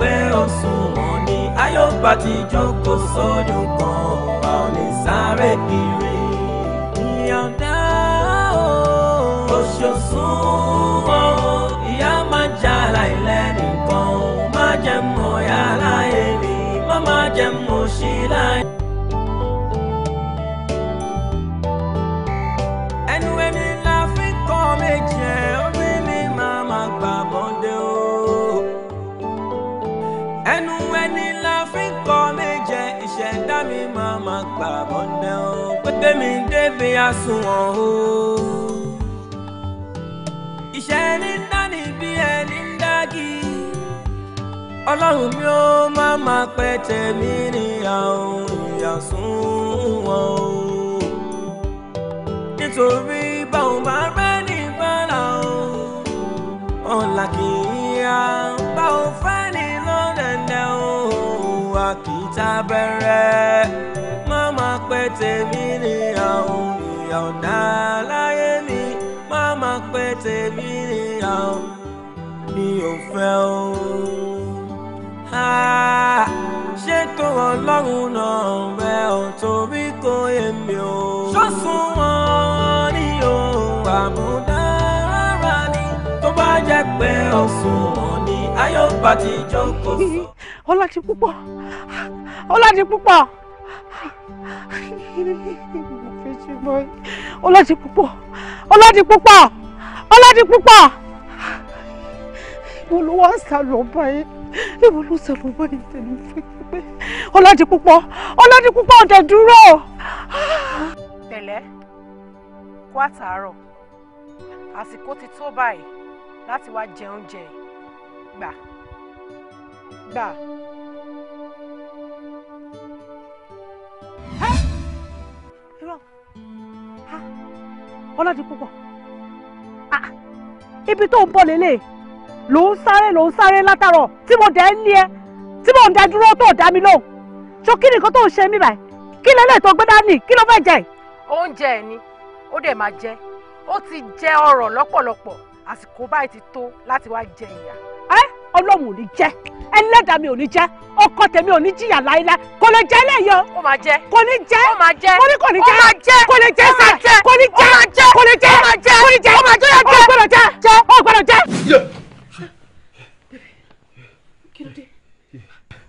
pé ó sunwọ̀n ni ayọ́pá ti jókòó sọ́dún kan a ò lè sáré kiri. bí àsùnwọ̀n o. ìṣẹ́ ní dání bí ẹni ń dági. ọlọ́run mi ó máa máa pẹ́ tẹ̀mí ní àwọn ìyàsùnwọ̀n o. nítorí báwọn bá rẹ́ nìkan làwọn ọ̀la kì í yá báwọn fẹ́ ní lọ́dẹ̀dẹ̀ o. wà kì í máa máa pẹ́ tẹ̀mí ní àwọn ìyá ọ̀dà láyé mi má má pé tèmi nìyà ó mi ò fẹ́ ó. ṣé tó ọlọ́run náà rẹ̀ ọ̀ torí kò yé mi ó. sọ́sùn wọn ni ó àmúdá rárá ni tó bá jẹ́ pé ọ̀sùn wọn ni ayọ̀ bá ti jókòó. ọlá ti púpọ̀ ọlá ti púpọ̀. ọ̀rọ̀ yìí ọlọ́dì púpọ̀ ọlọ́dì púpọ̀ ọlọ́dì púpọ̀ ìwọ ló wá ń sàlọ̀ báyìí ìwọ ló sàlọ̀ báyìí tẹ̀lé fún pé ọlọ́dì púpọ̀ ọlọ́dì púpọ̀ ọ̀dẹ̀ dúró. pẹ̀lẹ́ kó àtàárọ̀ àsìkò ti tó báyìí láti wá jẹ oúnjẹ gbà gbà. ọlọ́dì púpọ̀ ah, ibi tó ń bọ̀ lélẹ̀ ló ń sáré ló ń sáré látàrọ̀ tí mo dẹ̀ ń lé ẹ tí mo ń dẹ dúró tó dá mi lóhùn ṣó kí nìkan tó ń ṣe mí báyìí kí lẹ́lẹ̀ tó gbé dání kí ló fẹ́ jẹ. oúnjẹ ẹ ni ó dẹ̀ máa jẹ ó ti jẹ ọrọ̀ lọ́pọ̀lọpọ̀ àsìkò báyìí ti tó láti wá jẹ ìyà ọlọ́run ò ní jẹ́ ẹlẹ́dàá mi ò ní jẹ́ ọkọ tèmi ò ní jìyà láíláí kò lè jẹ́ lẹ́yọ. ó máa jẹ́ kò ní jẹ́ ó máa jẹ́ kò kò ní jẹ́ ó máa jẹ́ kò ní jẹ́ sẹ́ kò ní jẹ́ kò ní jẹ́ ó máa jẹ́ kò ní jẹ́ ó máa jẹ́ ó gbọ́dọ̀ jẹ́ jẹ́ ó gbọ́dọ̀ jẹ́.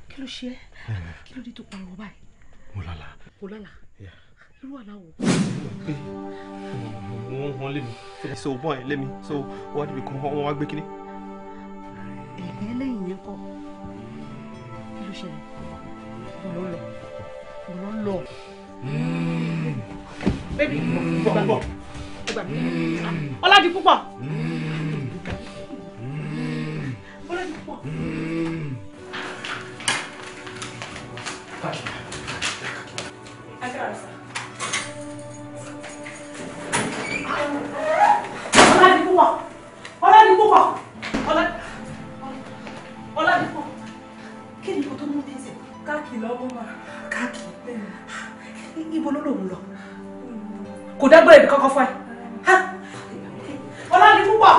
kí ló ṣe é kí ló dé tó pariwo báyìí. mo lálà. kò lálà irú àláwọ. wọ́n wọ́n lé mi so wọ́n ẹ̀ lé mi so wọ́n á dìbò kan wọ́n wá gbé kínní ẹlẹ́yìn yẹn kọ́ kí ló lọ bọ̀lọ́ lọ. bébí bọ̀ bọ̀ gbà púpọ̀ ọládì púpọ̀. agbára sá. ọládì púpọ̀ ọládì Ọládìpọ̀, kí ni tó mú dísè? Káàkì lọ́wọ́ máa. Káàkì? Ibo ló lòun lọ? Kò dágbére ibi kọ́kọ́ fún ẹ. Ọládìpúpọ̀! Ọládìpúpọ̀!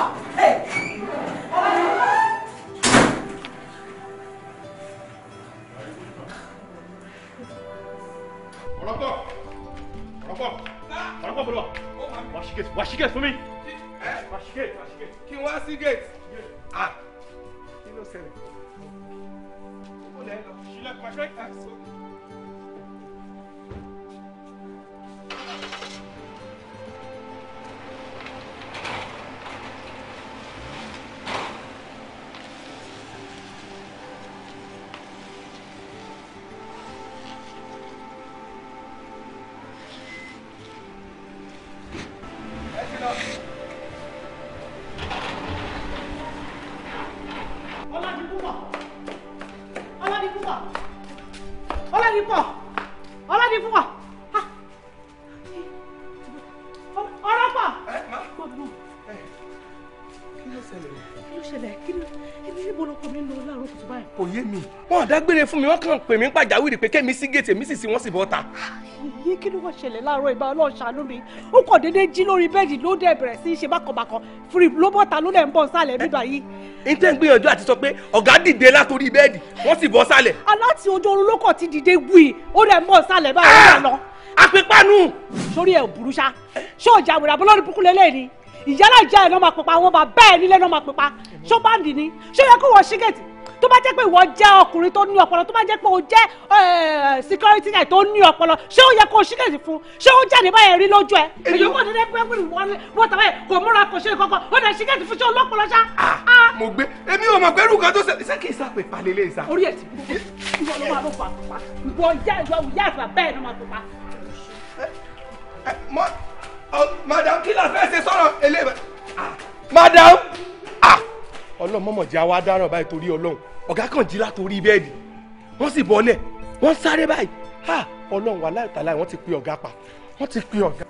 Ọlọ́pọ̀! Ọlọ́pọ̀! Ọlọ́pọ̀ bọ̀lọ̀! Wá sí gate! Wá sí gate fún mi! Eh? Wá sí gate! Kí n wá Ah! Kí ló ṣẹlẹ̀? Je suis là pour ma kò yé mi. wọn ò dágbére fún mi wọn kàn pè mí pàjáwìrì pé kẹ́mi sí gèètè mi sì sí wọn sì bọ́ ta. ìyé kí ló wọ́n ṣẹlẹ̀ láàárọ̀ ìbá ọlọ́run ṣàánú mi ó kàn déédéé jí lórí bẹ́ẹ̀dì ló dẹ̀ bẹ̀rẹ̀ sí í ṣe bákanbákan firi ló bọ́ ta ló dẹ̀ ń bọ̀ sálẹ̀ bíbá yìí. n tẹ́ ń gbìyànjú àti sọ pé ọ̀gá dìde látòrí bẹ́ẹ̀dì wọ́n sì bọ́ sálẹ̀. aláti ojú oorun ló kàn ti dìde wui ó dẹ̀ ń bọ̀ sálẹ̀ báyìí lọ. Ah! àpèpánu. sórí ẹ̀ òbúrú ṣá ṣé ọjà àwòrán abọ́lọ́run búkú lélẹ́yìn ni ìyálà ìjà ẹ̀ náà máa pèpa àwọn bàbá ẹ̀ nílé náà máa pèpa ṣó báńdì ni ṣó yẹ kó wọ ṣígẹ̀tì tó bá jẹ́ pé ìwọ jẹ́ ọkùnrin tó ní ọpọlọ tó bá jẹ́ pé o jẹ́ security guy tó ní ọpọlọ ṣé ó yẹ kó o ṣíkèsì fún ṣé ó jáde báyẹn rí lójú ẹ. èyí kò dédé pé pé wọ́n tàbá yẹ kò múra kò ṣe ìkọ́kọ́ ó dẹ̀ ṣíkèsì fún ṣé ó lọ́pọlọ ṣá. Ah, ah. mo gbé èmi ò mọ̀ pé rúkọ tó ṣe ṣé kì í sàpè palẹ̀ lè sà. orí ẹ̀ ti bú ìwọ ló máa bó pa àpòpá ìwọ ìyá àgbà bẹ́ẹ̀ ló máa bó pa. Oh, madam kí la fẹ́ ṣe sọ̀rọ̀ eléyìí ah. madam ah. ọlọ́run mọ̀mọ̀ jẹ́ àwa dáràn báyìí torí ọlọ́run ọ̀gá kan jí látòrí bẹ́ẹ̀dì wọ́n sì bọ́lẹ̀ wọ́n sáré báyìí ọlọ́run wà láìtàláì wọ́n ti pe ọ̀gá pa wọ́n ti pe ọ̀gá.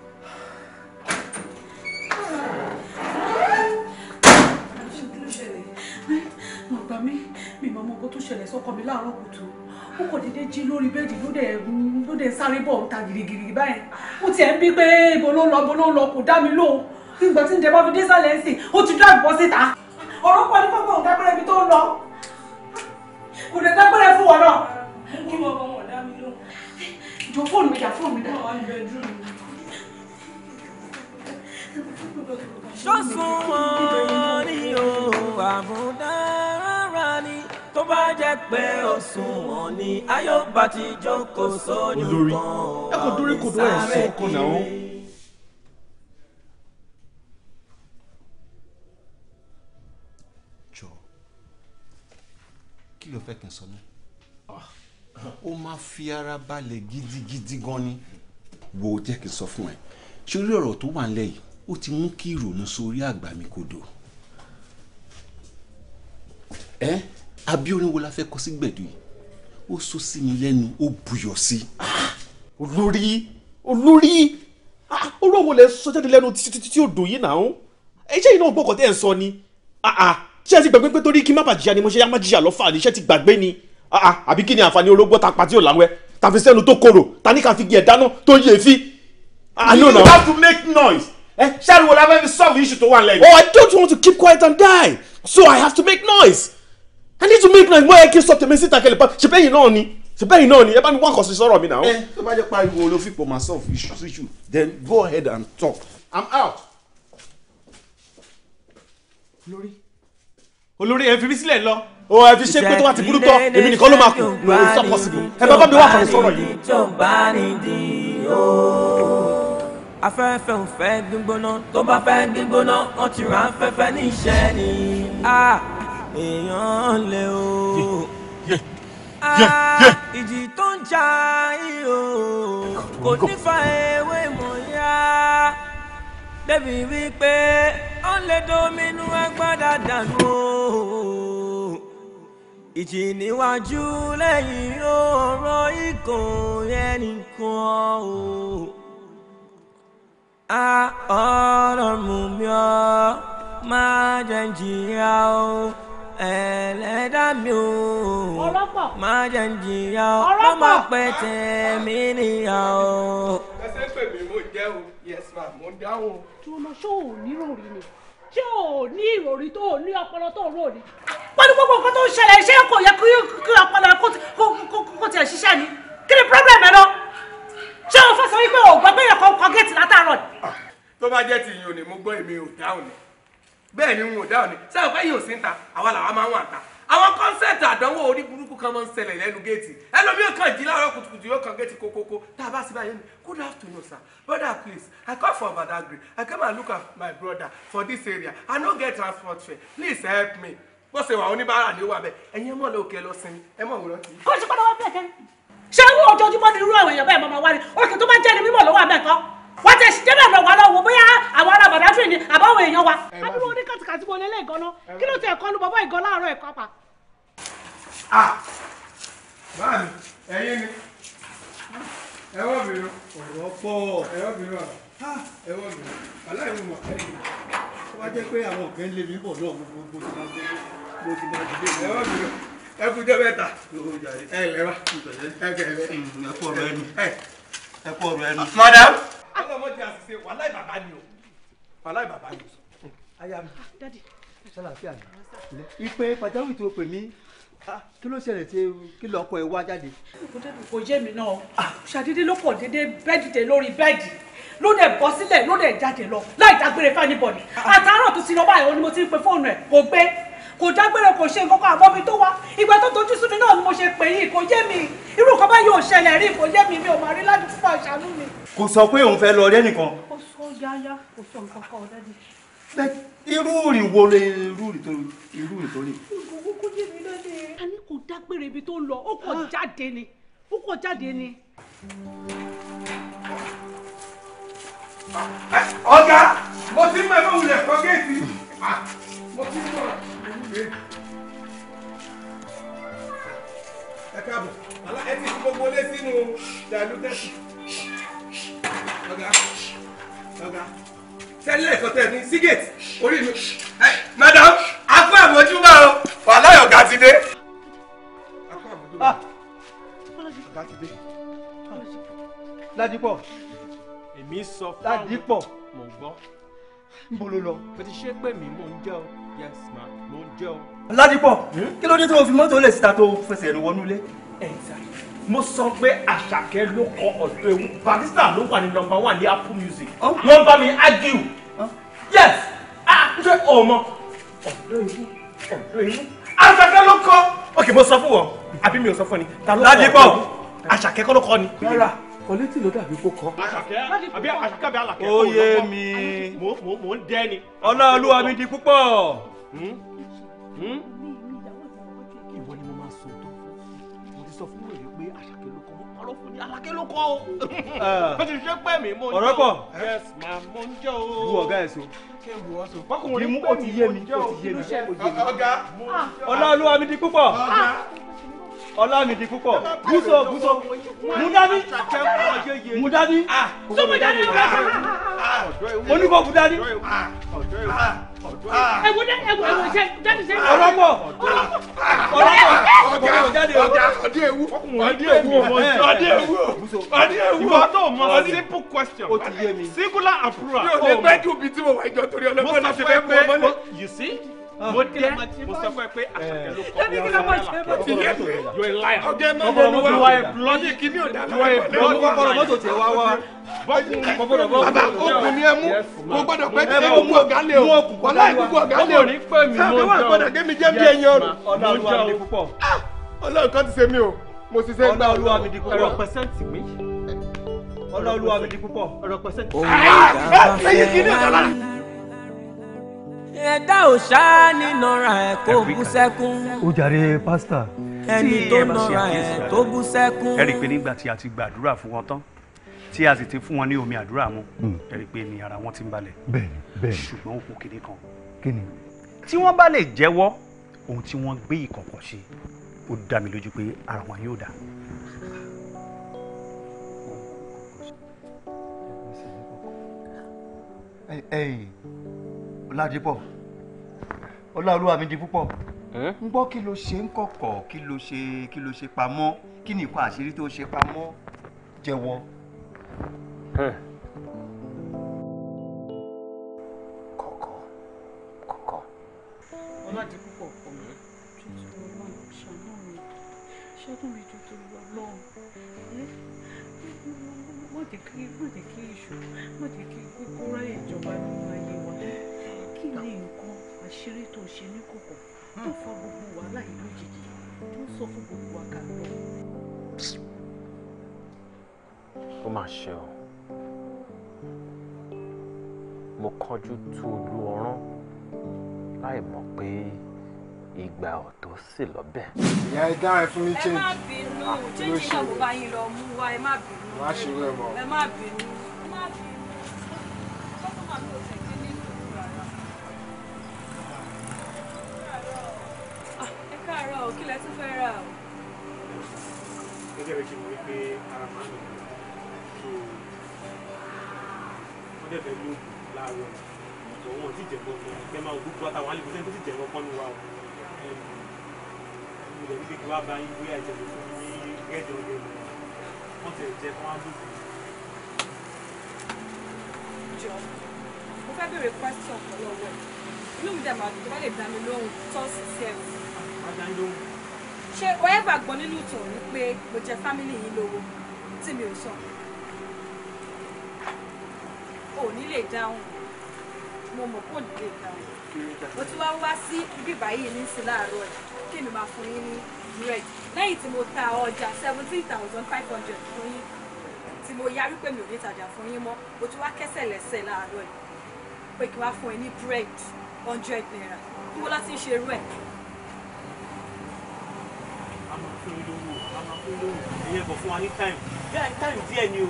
ọgbà mi mi mọ̀ mọ́ ọkọ tó ṣẹlẹ̀ sọ́kọ mi láàárọ̀ kùtù ó kò dédé jí lórí bẹ́ẹ̀dì ló dẹ̀ sáré bọ̀ ta gìrìgìrì báyìí mo tiẹ̀ ń bí pé ibo ló ń lọ ibo ló ń lọ kò dá mi lóhùn ìgbà tí ń jẹba fi dé sálẹ̀ ẹ̀sìn ó ti dá àgbọ̀ síta ọ̀rọ̀ pọ̀ ní kọ́kọ́ òun ibi tó ń lọ kò dẹ̀ dágbére fún wọn náà. kí wọ́n kọ́ wọn dá mi lóhùn. jọ fóònù mi dà fóònù mi dà. ṣó wọn ní o àbùdá rárá ni tó bá jẹ́ pé òṣùwọ̀n ni ayọ́ba ti jókòó sójú kan ọ̀rọ̀ ní sáré kiri. kí ló fẹ́ kí n sọ ní. Ah, ó máa fi ara balẹ̀ gidigidi gan ni. wo jẹ́ kí n sọ fún ẹ sórí ọ̀rọ̀ tó wà nílẹ̀ yìí ó ti mú kí ìrònú sórí àgbà mi kodò. ẹ́ eh? àbí la fẹ́ kọ sí gbẹ̀du yìí ó so sí mi lẹ́nu ó buyọ̀ sí i. olórí olórí ah, orú àwọn olè sọ jáde lẹ́nu títí tí ó yìí náà ẹ ṣé iná gbọ́kàn tẹ́ ẹ̀ ń sọ ni ah, ah, ṣé ẹ ti gbàgbé pé torí kí má bàa jìyà ni mo ṣe yá má jìyà lọ́fà ni ṣé ti gbàgbé ni àbí kí ni àǹfààní orógbó ta pàtí ò láwẹ́ tàfi sẹ́nu tó korò ta ní ká fi gé ẹ̀ dáná tó yé fi. you have to make noise eh, ṣáà ni wọ́n lábẹ́ fi solve issue tó wà lẹ́yìn. oh i don't want to keep quiet and die so i have to make noise. I need to make noise mo yẹ kí n sọ tèmi síta kẹlẹ She pay you no money. She pay you no money. bá mi wá kàn sí sọ̀rọ̀ mi náà. ẹ eh, tó bá jẹ́ pariwo ló fipò myself then go ahead and talk I'm out. lórí olórí ẹ fi mí sílẹ̀ lọ. o ẹ fi ṣe pé tó bá ti burú tọ èmi nìkan ló máa kù no it's not possible ẹ bá bá mi wá afẹ́fẹ́ ò fẹ́ gbígbóná tó bá fẹ́ gbígbóná wọ́n ti rán afẹ́fẹ́ ní iṣẹ́ ni. Ah èèyàn lè o ah, ìjì tó ń jà yìí o kò ní fa ewé mọ̀ yá débi wípé ó lè dominú agbádá dànù o ìjì níwájú lẹ́yìn ọ̀rọ̀ ikọ̀ ẹnìkan o a ọ̀rọ̀ mú mi ọ́ máa jẹ́ jìyà o ẹlẹ́dá mi ò máa jẹ́ ń jìyà ó ọmọ pẹ̀tẹ́ mi nìyà ó. ẹ ṣe pè mí mo jẹ́ o yes ma mo dáhùn. tí o lọ ṣó o níròrí ni ṣé o ní ìròrí tó o ní ọpọlọ tó o rò ní. pẹ̀lú gbogbo nǹkan tó ń ṣẹlẹ̀ ṣé kò yẹ kí ọpọlọ kó tiẹ̀ ṣiṣẹ́ ni kí ni pírọ́blẹ̀mù ẹ lọ ṣé o fẹ́ sọ wípé o gbọ́ pé èèyàn kan kọ́ géètì látàárọ̀ ni. Ah, tó bá jẹ́ ti yìnyín ò ní mú gbọ́ èmi ò dáhùn ni bẹ́ẹ̀ ni wọn ò dáhùn ni sẹ́wọ̀n fẹ́ yìí ò sí ń ta àwa làwa máa ń wà ń ta àwọn kọ́nsẹ́ẹ̀tì àdánwò orí burúkú kan máa ń ṣẹlẹ̀ lẹ́nu géètì ẹlòmíì kan jí láàárọ̀ kùtùkùtù yóò kan géètì kókókó tá a bá sí báyìí good afternoon sir brother please i come from badagry i come and look at my brother for this area i no get transport fare please help me bó ṣe wà oníbàárà ni wà bẹ́ẹ̀ ẹ̀yin ẹ̀mọ́ lóòkè lọ sinmi ẹ̀mọ́ òwúrọ̀ ti. kó o ṣe pàdánù bẹ́ẹ̀ kẹ́rin ṣé owó ojoojúmọ́ ni irú àwọn èèyàn bẹ́ẹ̀ máa wá ni òkè tó wa ti ṣe débẹ̀ lọ́wọ́ lọ́wọ́ bóyá àwọn ará e ni àbáwọn èèyàn wa. adúlọ ní katikati wo lélẹ̀ ìgànnà kí ló ti ẹ̀kọ́ nu bàbá ìgànnà pa. a báà mi ẹyin ni ẹ wọ́n ọrọ ọ̀rọ̀ pọ̀ ẹ wọ́n mi ọ̀rọ̀ ẹ wọ́n mi aláìwọ̀n ẹ pé àwọn ọ̀gá ń lé mi bọ̀ náà gbogbo ti máa ẹ ẹ kú ẹ ẹ ṣe wàláì bàbá ni o wàláì bàbá ni o. aya mi sálàáfíà mi ìpè pàjáwìrì tó pè mí ah, kí ló ṣẹlẹ̀ tí kí lọ ọkọ ẹ wá jáde. kò jẹ́ mi náà ah, ṣàdédé ló pọ̀ déédéé bẹ́ẹ̀dì tẹ lórí bẹ́ẹ̀dì ló dẹ̀ bọ́ sílẹ̀ ló dẹ̀ jáde lọ láì dágbére fáni bọ̀dì ah, àtàárọ̀ tó ti lọ báyìí ó ní mo ti ń pe fóònù ẹ̀ kò gbé kò dágbére kò ṣe nǹkan kan àmọ́ mi tó wá ìgbà tó tojú sú mi náà ni mo ṣe pè yìí kò yé mi irú nǹkan báyìí ò ṣẹlẹ̀ rí kò yé mi mi ò máa rí ládùúgbò àṣàánú mi kò sọ pé òun fẹ́ lọ rí ẹnìkan. ó sọ yáyá kò sọ nǹkan kan ọ̀dẹ́dì. irú rìn wo lè irú rìn tó irú rìn tó rìn. ìgbòho kò jẹ́ mi lọ́dẹ. a kò dágbére ibi tó lọ ó kò jáde ni ó kò jáde ni. ọ̀gá mo ti mọ ẹgbẹ́ wulẹ̀ kọ́ géètì ah, mo ti mọ ẹ̀ ẹ káàbọ̀ ẹ ti fi gbogbo lé sínú dàlú tẹ́sí ọ̀gá ọ̀gá tẹ́lẹ̀ kan tẹ̀ ní sígẹ̀tì orí mi madam akọ àmójúbà o wàhálà ọ̀gá ti dé. akọ àmójúbà ah. ọ̀gá ti dé. Ládìpọ̀ èmi sọ fún àwọn Ládìpọ̀ mò ń gbọ́. ń bolo lọ. mo ti ṣe pé mi mò ń jẹ́ o yes ma mo ń jẹ́ o. Ládìpọ̀ hmm? kí ló dé tó o fi mọ́tò lè síta tó o fẹsẹ̀ rìn wọnú ilé. ẹ ẹ sáré mo sọ pé àṣàkẹ́ ló kọ ọ̀dọ̀ ewu barista ló wà ní nọmba one ní apple music wọ́n bá mi argue yes ah ṣe ọmọ ọ̀dọ̀ ewu ọ̀dọ̀ ewu àṣàkẹ́ ló kọ ok mo sọ fún wọn àbí mi ò sọ fún ni ládìpọ̀ àṣàkẹ́ kọ́ ló kọ ni. rárá kọ́létì ló dàbí kó kọ́. àṣàkẹ́ àbí àṣàkẹ́ àbí àlàkẹ́ kọ́ ló kọ́. ó yé mi. mo mo mo ń dẹ́ni. ọlá olúwa mi di púpọ̀. Hmm? Hmm? ló fún ní alákẹ́ ló kọ́ o. bó ah. ti ṣe pẹ́ mi mo ń jẹ́ o. ọ̀rọ̀ pọ̀ yes ma mo ń jẹ́ o. wú ọ̀gá ẹ̀ so. kéwù ọ̀ so. bákùnrin mú o ti yé mi o ti yé mi. Ah, ọ̀gá ọlọ́ọ̀lù amídí púpọ̀. Ah ọlámìdí púpọ̀ gúúsọ gúúsọ múdání múdání sọmọdání oníkọ̀ọ̀kú dání. ẹ̀wọ̀n dẹ́ ẹ̀wọ̀n ẹ̀wọ̀n ṣe jáde ṣe. ọlọ́pọ̀ ọlọ́pọ̀ ọjà jáde ọjà ọdí ewu ọdí ewu ọdí ewu ọdí ewu. ìwọ tó mọ simple question singular and plural. yóò lè gbẹ́jú bí tí mo wà ìjọ torí ọlọ́pàá náà ṣe fẹ́ mú ọmọ náà. you see mo ah. dẹ́ mo sọ fún ẹ pé àṣàkẹ́ ló kọ́ mi ọ̀rọ̀ la you a liar. ọ̀gẹ́ mọ́ bọ́ ló wá you are a blood kini o da you are a blood liar. bọ́ọ̀lù mọ́tò tiẹ̀ wá wá. bàbá okùn ni ẹ mú mo gbọ́dọ̀ pẹ́ tí ó mú ọ̀gá lé o wọ́n láì kúkú ọ̀gá lé o di púpọ̀ ah! ọ̀rọ̀ ẹ̀dá ò ṣáá ní nọra ẹ̀ kó bú sẹ́kún. ó jàre pásítà. ẹni tó nọra ẹ̀ tó bú sẹ́kún. ẹ rí i pé nígbà tí a ti gbàdúrà fún wọn tán tí a sì ti fún wọn ní omi àdúrà mu hmm. ẹ rí i pé ni ara wọn ti ń balẹ̀. bẹ́ẹ̀ni bẹ́ẹ̀ni ṣùgbọ́n ó kù kinní kan. kíni. tí wọ́n bá lè jẹ́wọ́ ohun tí wọ́n gbé ìkọ̀kọ̀ ṣe ó dá mi lójú pé ara wọn yóò dá. ẹyìn. Ọládipọ̀ Ọláolúwa mi di púpọ̀ ń gbọ́ kí ló ṣe ń kọ̀kọ̀ kí ló ṣe kí ló ṣe pamọ́ kí ni nǹkan àṣírí tó ṣe pamọ́ jẹ́wọ́. kọ̀kọ̀ kọ̀kọ̀. Ọládipọ̀ ọ̀pọ̀ mi tuntun ọlọ́run ṣàánú mi ṣẹ́gun mi tuntun ọlọ́run má jẹ́ kí má jẹ́ kí ìṣòro má jẹ́ kí kókó ráyè jù. tó ṣe ní kòkò tó fọ gbogbo wàhálà yìí lójijì tó sọ fún gbogbo wa ká ó mà ṣe o mo kánjú tú olú ọrán láì mọ̀ pé ìgbà ọ̀tọ̀ sì lọ́bẹ̀. ìyá ẹ dára fún mi change. ẹ má bínú ah, change náà mo bá yín lọ mú wá ẹ má bínú. ẹ má bínú. káàárọ̀ o kí lẹ tún fẹ́ rà o. gẹ́gẹ́ bí ṣe mọ̀ wípé ara máa ń lò so wọ́n dẹ̀ fẹ́ lóògùn láàárọ̀ ọ̀pọ̀ wọn ti jẹ̀bọ̀ kan kẹ́ máa gbogbo àtàwọn àlejò sẹ́ni tó ti jẹ̀bọ̀ kan ní wa o. mo lè ní kí wá bá yín bóyá ìjẹ̀bọ̀ fún mi ní gẹ́jọ gẹ́jọ wọ́n ti jẹ́ fún àbùkù. jọ mo fẹ́ bèrè question kan lọ́wọ́ ẹ̀ inú mi dàgbà tó bá lè dá mi lóhùn tó sì sẹ́ẹ̀sì ọjà ń lóhùn. ṣé o ẹ́gbà gbọ́ nínú ìtàn wípé mo jẹ fámìlì yìí lówó tí mi ò sọ? ò ní lè dáhùn mo mọ̀ kó ní lè dáhùn. mo ti wá wá sí ibi báyìí ní sí láàárọ̀ ẹ̀ kí mi máa fún yín ní bread lẹ́yìn tí mo ta ọjà seventeen thousand five hundred fún yín tí mo yarí pé mi ò ní tajà fún yín mọ́ mo ti wá kẹ́sẹ̀ lẹ́sẹ̀ láàárọ̀ ẹ̀ pé kí wá fún ẹ ní bread hundred naira kí wọ́n láti ń ṣe irú ìyẹn kò fún wa ní time bẹ́ẹ̀ ní time díẹ̀ ni o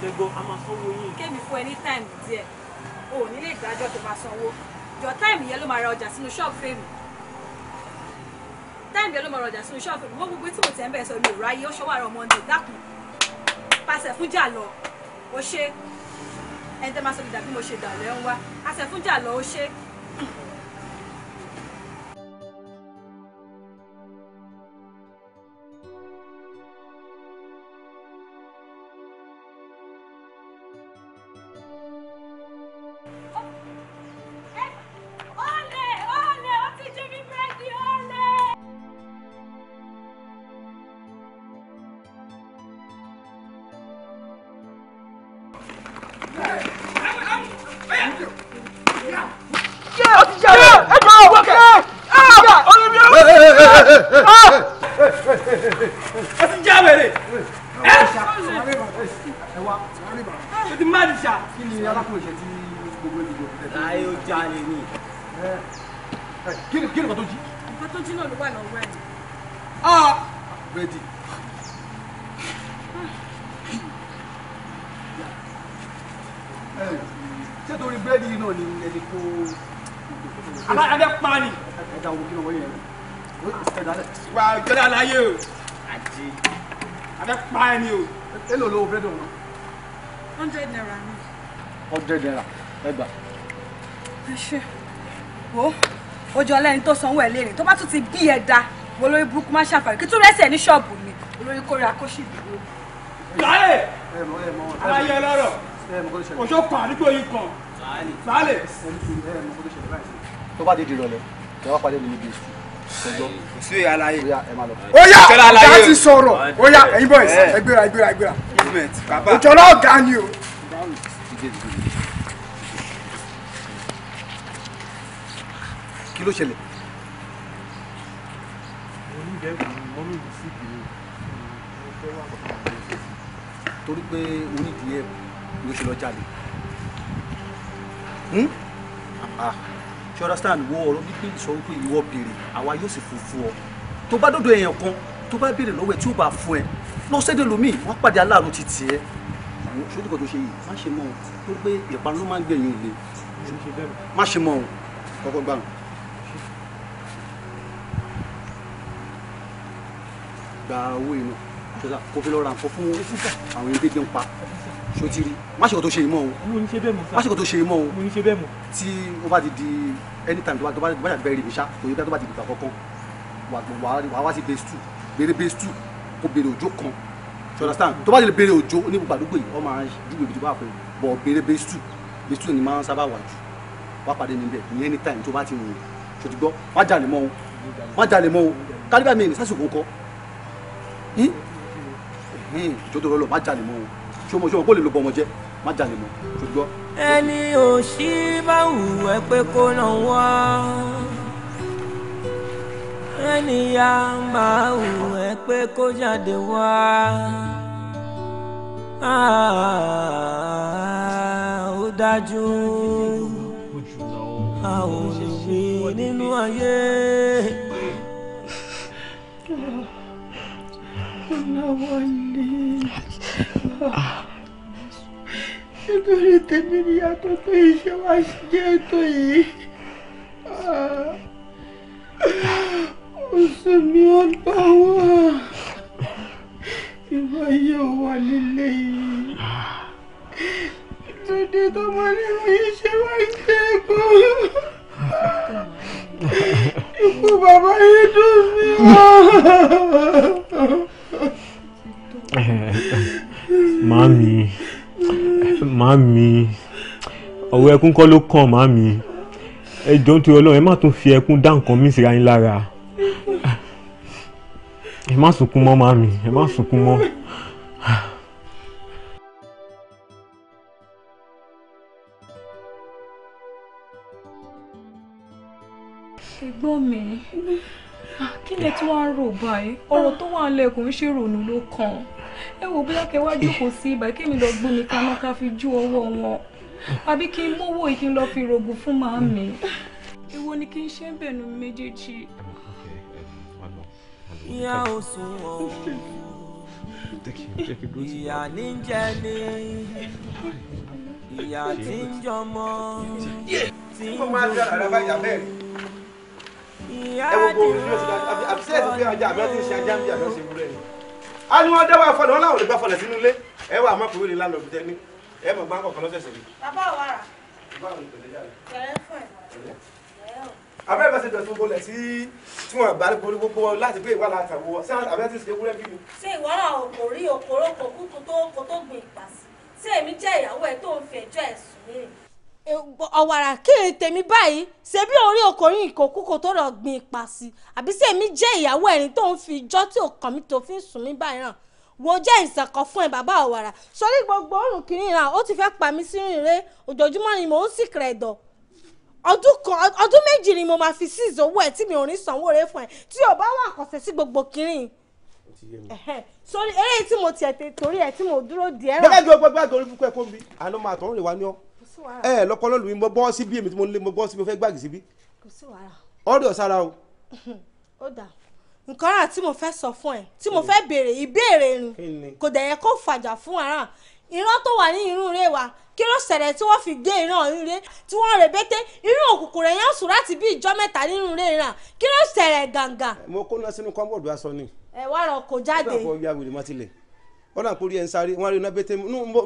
ṣẹ́gun a máa sanwó yín. kémi fún ẹ ní time díẹ̀ o ò nílé ìdájọ́ tó máa sanwó jọ time yẹn ló máa ra ọjà sínú ṣọ́ọ̀bù fèmí time yẹn ló máa ra ọjà sínú ṣọ́ọ̀bù fèmí wọ́n gbogbo tí mo tẹ̀ ń bẹ̀ sọ mi ò ráyé ó ṣọwọ́ àrọ̀ monday dákun pàṣẹ fún jà lọ ó ṣe ẹni tẹ́ máa sọ dìdà bí mo ṣe dà lẹ́ wá àṣẹ fún jà lọ ó ṣe. hundred naira hundred naira ẹ gbà. ẹ ṣe wo ojú ọlẹ́ni tó sanwó ẹ̀ léèrè tó bá tún ti bí ẹ̀ da wo lórí burúkú má ṣàfàrí kí tún rẹ́sẹ̀ ní ṣọ́ọ̀bù mi olórí kórè akóṣì ìdúró. yàrá aláyé ọlọ́rọ̀ òṣò pa àdúgbò yìí kan baálé. tó bá dé di ìrọ̀lẹ́ ẹ wá padà níbi èsì ṣẹjọ́. sí ìyá aláyé. ó yá ọ̀gá ti sọ̀rọ̀ ó yá ẹ̀yin boys ẹ gbéra ẹ gbéra ẹ gbéra argument. òjò náà ga ni o. kí ló ṣẹlẹ̀. torí pé onídìí ẹ ló ṣe lọ jáde. Hmm? Ah, ṣé o understand wo ọ̀rọ̀ bíbí sọ wípé ìwọ béèrè àwa yóò sì fún fún ọ tó bá dọ̀dọ̀ èèyàn kan tó bá béèrè lọ́wọ́ ẹ tí ó bá fún ẹ lọ sẹ́dẹ̀ lómi wọ́n pàdé aláàánú ti tiẹ̀ ṣojú kan tó ṣe yìí má ṣe mọ́ ọ tó pé ìparun ló máa ń gbẹ̀yìn ilé má ṣe mọ́ ọ kọ́kọ́ gbà wọn. gba owó iná ṣọlá kò fi lọ ra nǹkan fún àwọn ẹni dédé ń pa sotiri má ṣe kò tó ṣe mọ́ o má ṣe kò tó ṣe mọ́ o tí wọ́n bá ti di anytime tó bá ti bẹ̀rẹ̀ ìbísà kò yẹ kí wọ́n bá ti dìgbà kankan wà wá sí base two bèrè base two kó béèrè òjò kan you tó bá lè béèrè òjò ní gbogbo yìí wọ́n máa ń júwèé ibi bá fẹ́ bọ̀ béèrè bestu bestu ni máa ń sábà wà jù wá pàdé níbẹ̀ ní any time tó bá ti rìn ṣòtí má jalè mọ́ o má jalè mọ́ o kálíbà mi ní sásìkò kọ́ hm? ìjọ tó rọlọ má jalè mọ́ o ṣé o mọ̀ ṣé o mọ̀ kó lè lo bọ̀mọ̀ jẹ má jalè mọ́ ṣòtí ẹni ò sí bá wù ẹ pé kó náà wá ẹnìyà máa wù ẹ pé kó jáde wá ah, ó dájú a ò lè rí nínú ayé. Ọláwálé nítorí tèmi ni yàtọ̀ tó iṣẹ́ wá ṣe jẹ́ ètò yìí. Ah oṣù mi ó gbà wá ìwà yóò wà nílé yìí tóde tó máa ní mi ṣe wá ṣẹ́gun ikú bàbá yìí dùn mí wá. Màmí, màmí, ọ̀rọ̀ ẹkún kọ́ ló kàn màmí. Ẹ jọ̀ọ́ nítorí Ọlọ́run ẹ má tún fi ẹkún dá nǹkan mí síra yín lára ẹ má sunkún mọ́ màmí ẹ má sunkún mọ́. ẹ̀gbọ́n mi kí lẹ tí wàá rò báyìí ọ̀rọ̀ tó wà nílẹ̀ kò ń ṣe ìrònú ló kàn ẹ wò bóyá kẹ wáá jókòó sí ibà kí èmi lọ gbé mi kaná ká fi jú ọwọ́ wọn àbí kí n mówó yìí kí n lọ fi rògùn fún màmí èwo ni kí n ṣe ń bẹ̀nu méjèèjì ìyá ò sùn wọn. ìyá ní jẹ ní ìyá tí ń jọmọ tí ìyá di rọ. a ní wọn dáwọ wọn làwọn olùgbà fọlẹ sínú ilé ẹ wà má kúrò ní lánàá òbí tẹni ẹ mọ gbàǹkọ kan lọ́sẹ̀ bàbá ò rà. bàbá ò ní pẹ̀lẹ́ jáde. pẹ̀lẹ́ fún ẹ abẹ́rẹ́ bá ṣe dọ̀tún bolẹ̀ sí tí wọ́n bá gbogbo láti gbé ìwà láti àwọ̀ ṣé abẹ́rẹ́ ti ṣe wúrẹ́ bíbí. ṣé ìwọ náà kò rí òkòrò kò kú kó tó kó tó gbìn ìpàsí ṣé èmi jẹ́ ìyàwó ẹ̀ tó ń fi ẹjọ́ ẹ̀ sùn mí. ọ̀wàrà kí ni tèmi báyìí ṣé bí orí okòrin ìkókú kò tó lọ gbìn ìpàsí àbí ṣé èmi jẹ́ ìyàwó ẹ̀rín tó ń fi ijọ́ tí òkàn mi tó fi ń sùn mí báyìí náà wo jẹ́ ìsàn kan fún ẹ bàbá ọ̀wàrà sọ ní gbogbo òórùn kìnìún náà ó ti fẹ́ pa mí sínú ìrẹ́ ojoojúmọ́ ni mò ń sì kẹ̀rẹ̀ dọ̀ ọdún kan ọdún méjì ni mo máa fi sí ìzówó ẹ tí mi ò ní sanwó rẹ fún ẹ tí o bá wà kọsẹ̀ sí gbogbo kìnìún sórí eré tí mo tiẹ̀ tẹ torí ẹ tí mo dúró di ẹ rà. bẹ́ẹ̀ gbogbo gbàgbé orí fúnkẹ́ kó mi àná máa tọ̀rọ̀ lè wá ní ọ ẹ lọ́kọ́ lọ́lù mi mo bọ́ sí bí èmi tí mo lé mo bọ́ sí bí mo fẹ́ gbàgbé síbí ọ̀rẹ́ ọ̀sára o. ó dà nǹkan rà tí mo fẹ́ sọ fún ẹ tí mo fẹ́ béèrè ìbéèrè ni kò dẹ̀ yẹ kó fàjà fún ara ìran tó wà ní irun rẹ wa kí ló ṣẹlẹ̀ tí wọ́n fi gé ìran rẹ tí wọ́n rẹ̀ bẹ́tẹ́ irú òkùnkùn rẹ̀ yẹn sùn láti bí ìjọ́ mẹ́ta nínú rẹ̀ ìran kí ló ṣẹlẹ̀ gangan. mo kó lọ sínú kọ́ńbọ̀dù aṣọ ni. ẹ wá rọ kò jáde. ó dà kó ya wèrè má tilẹ̀ ó dà kó rí ẹ ń sáré wọn rí iná bẹ́tẹ́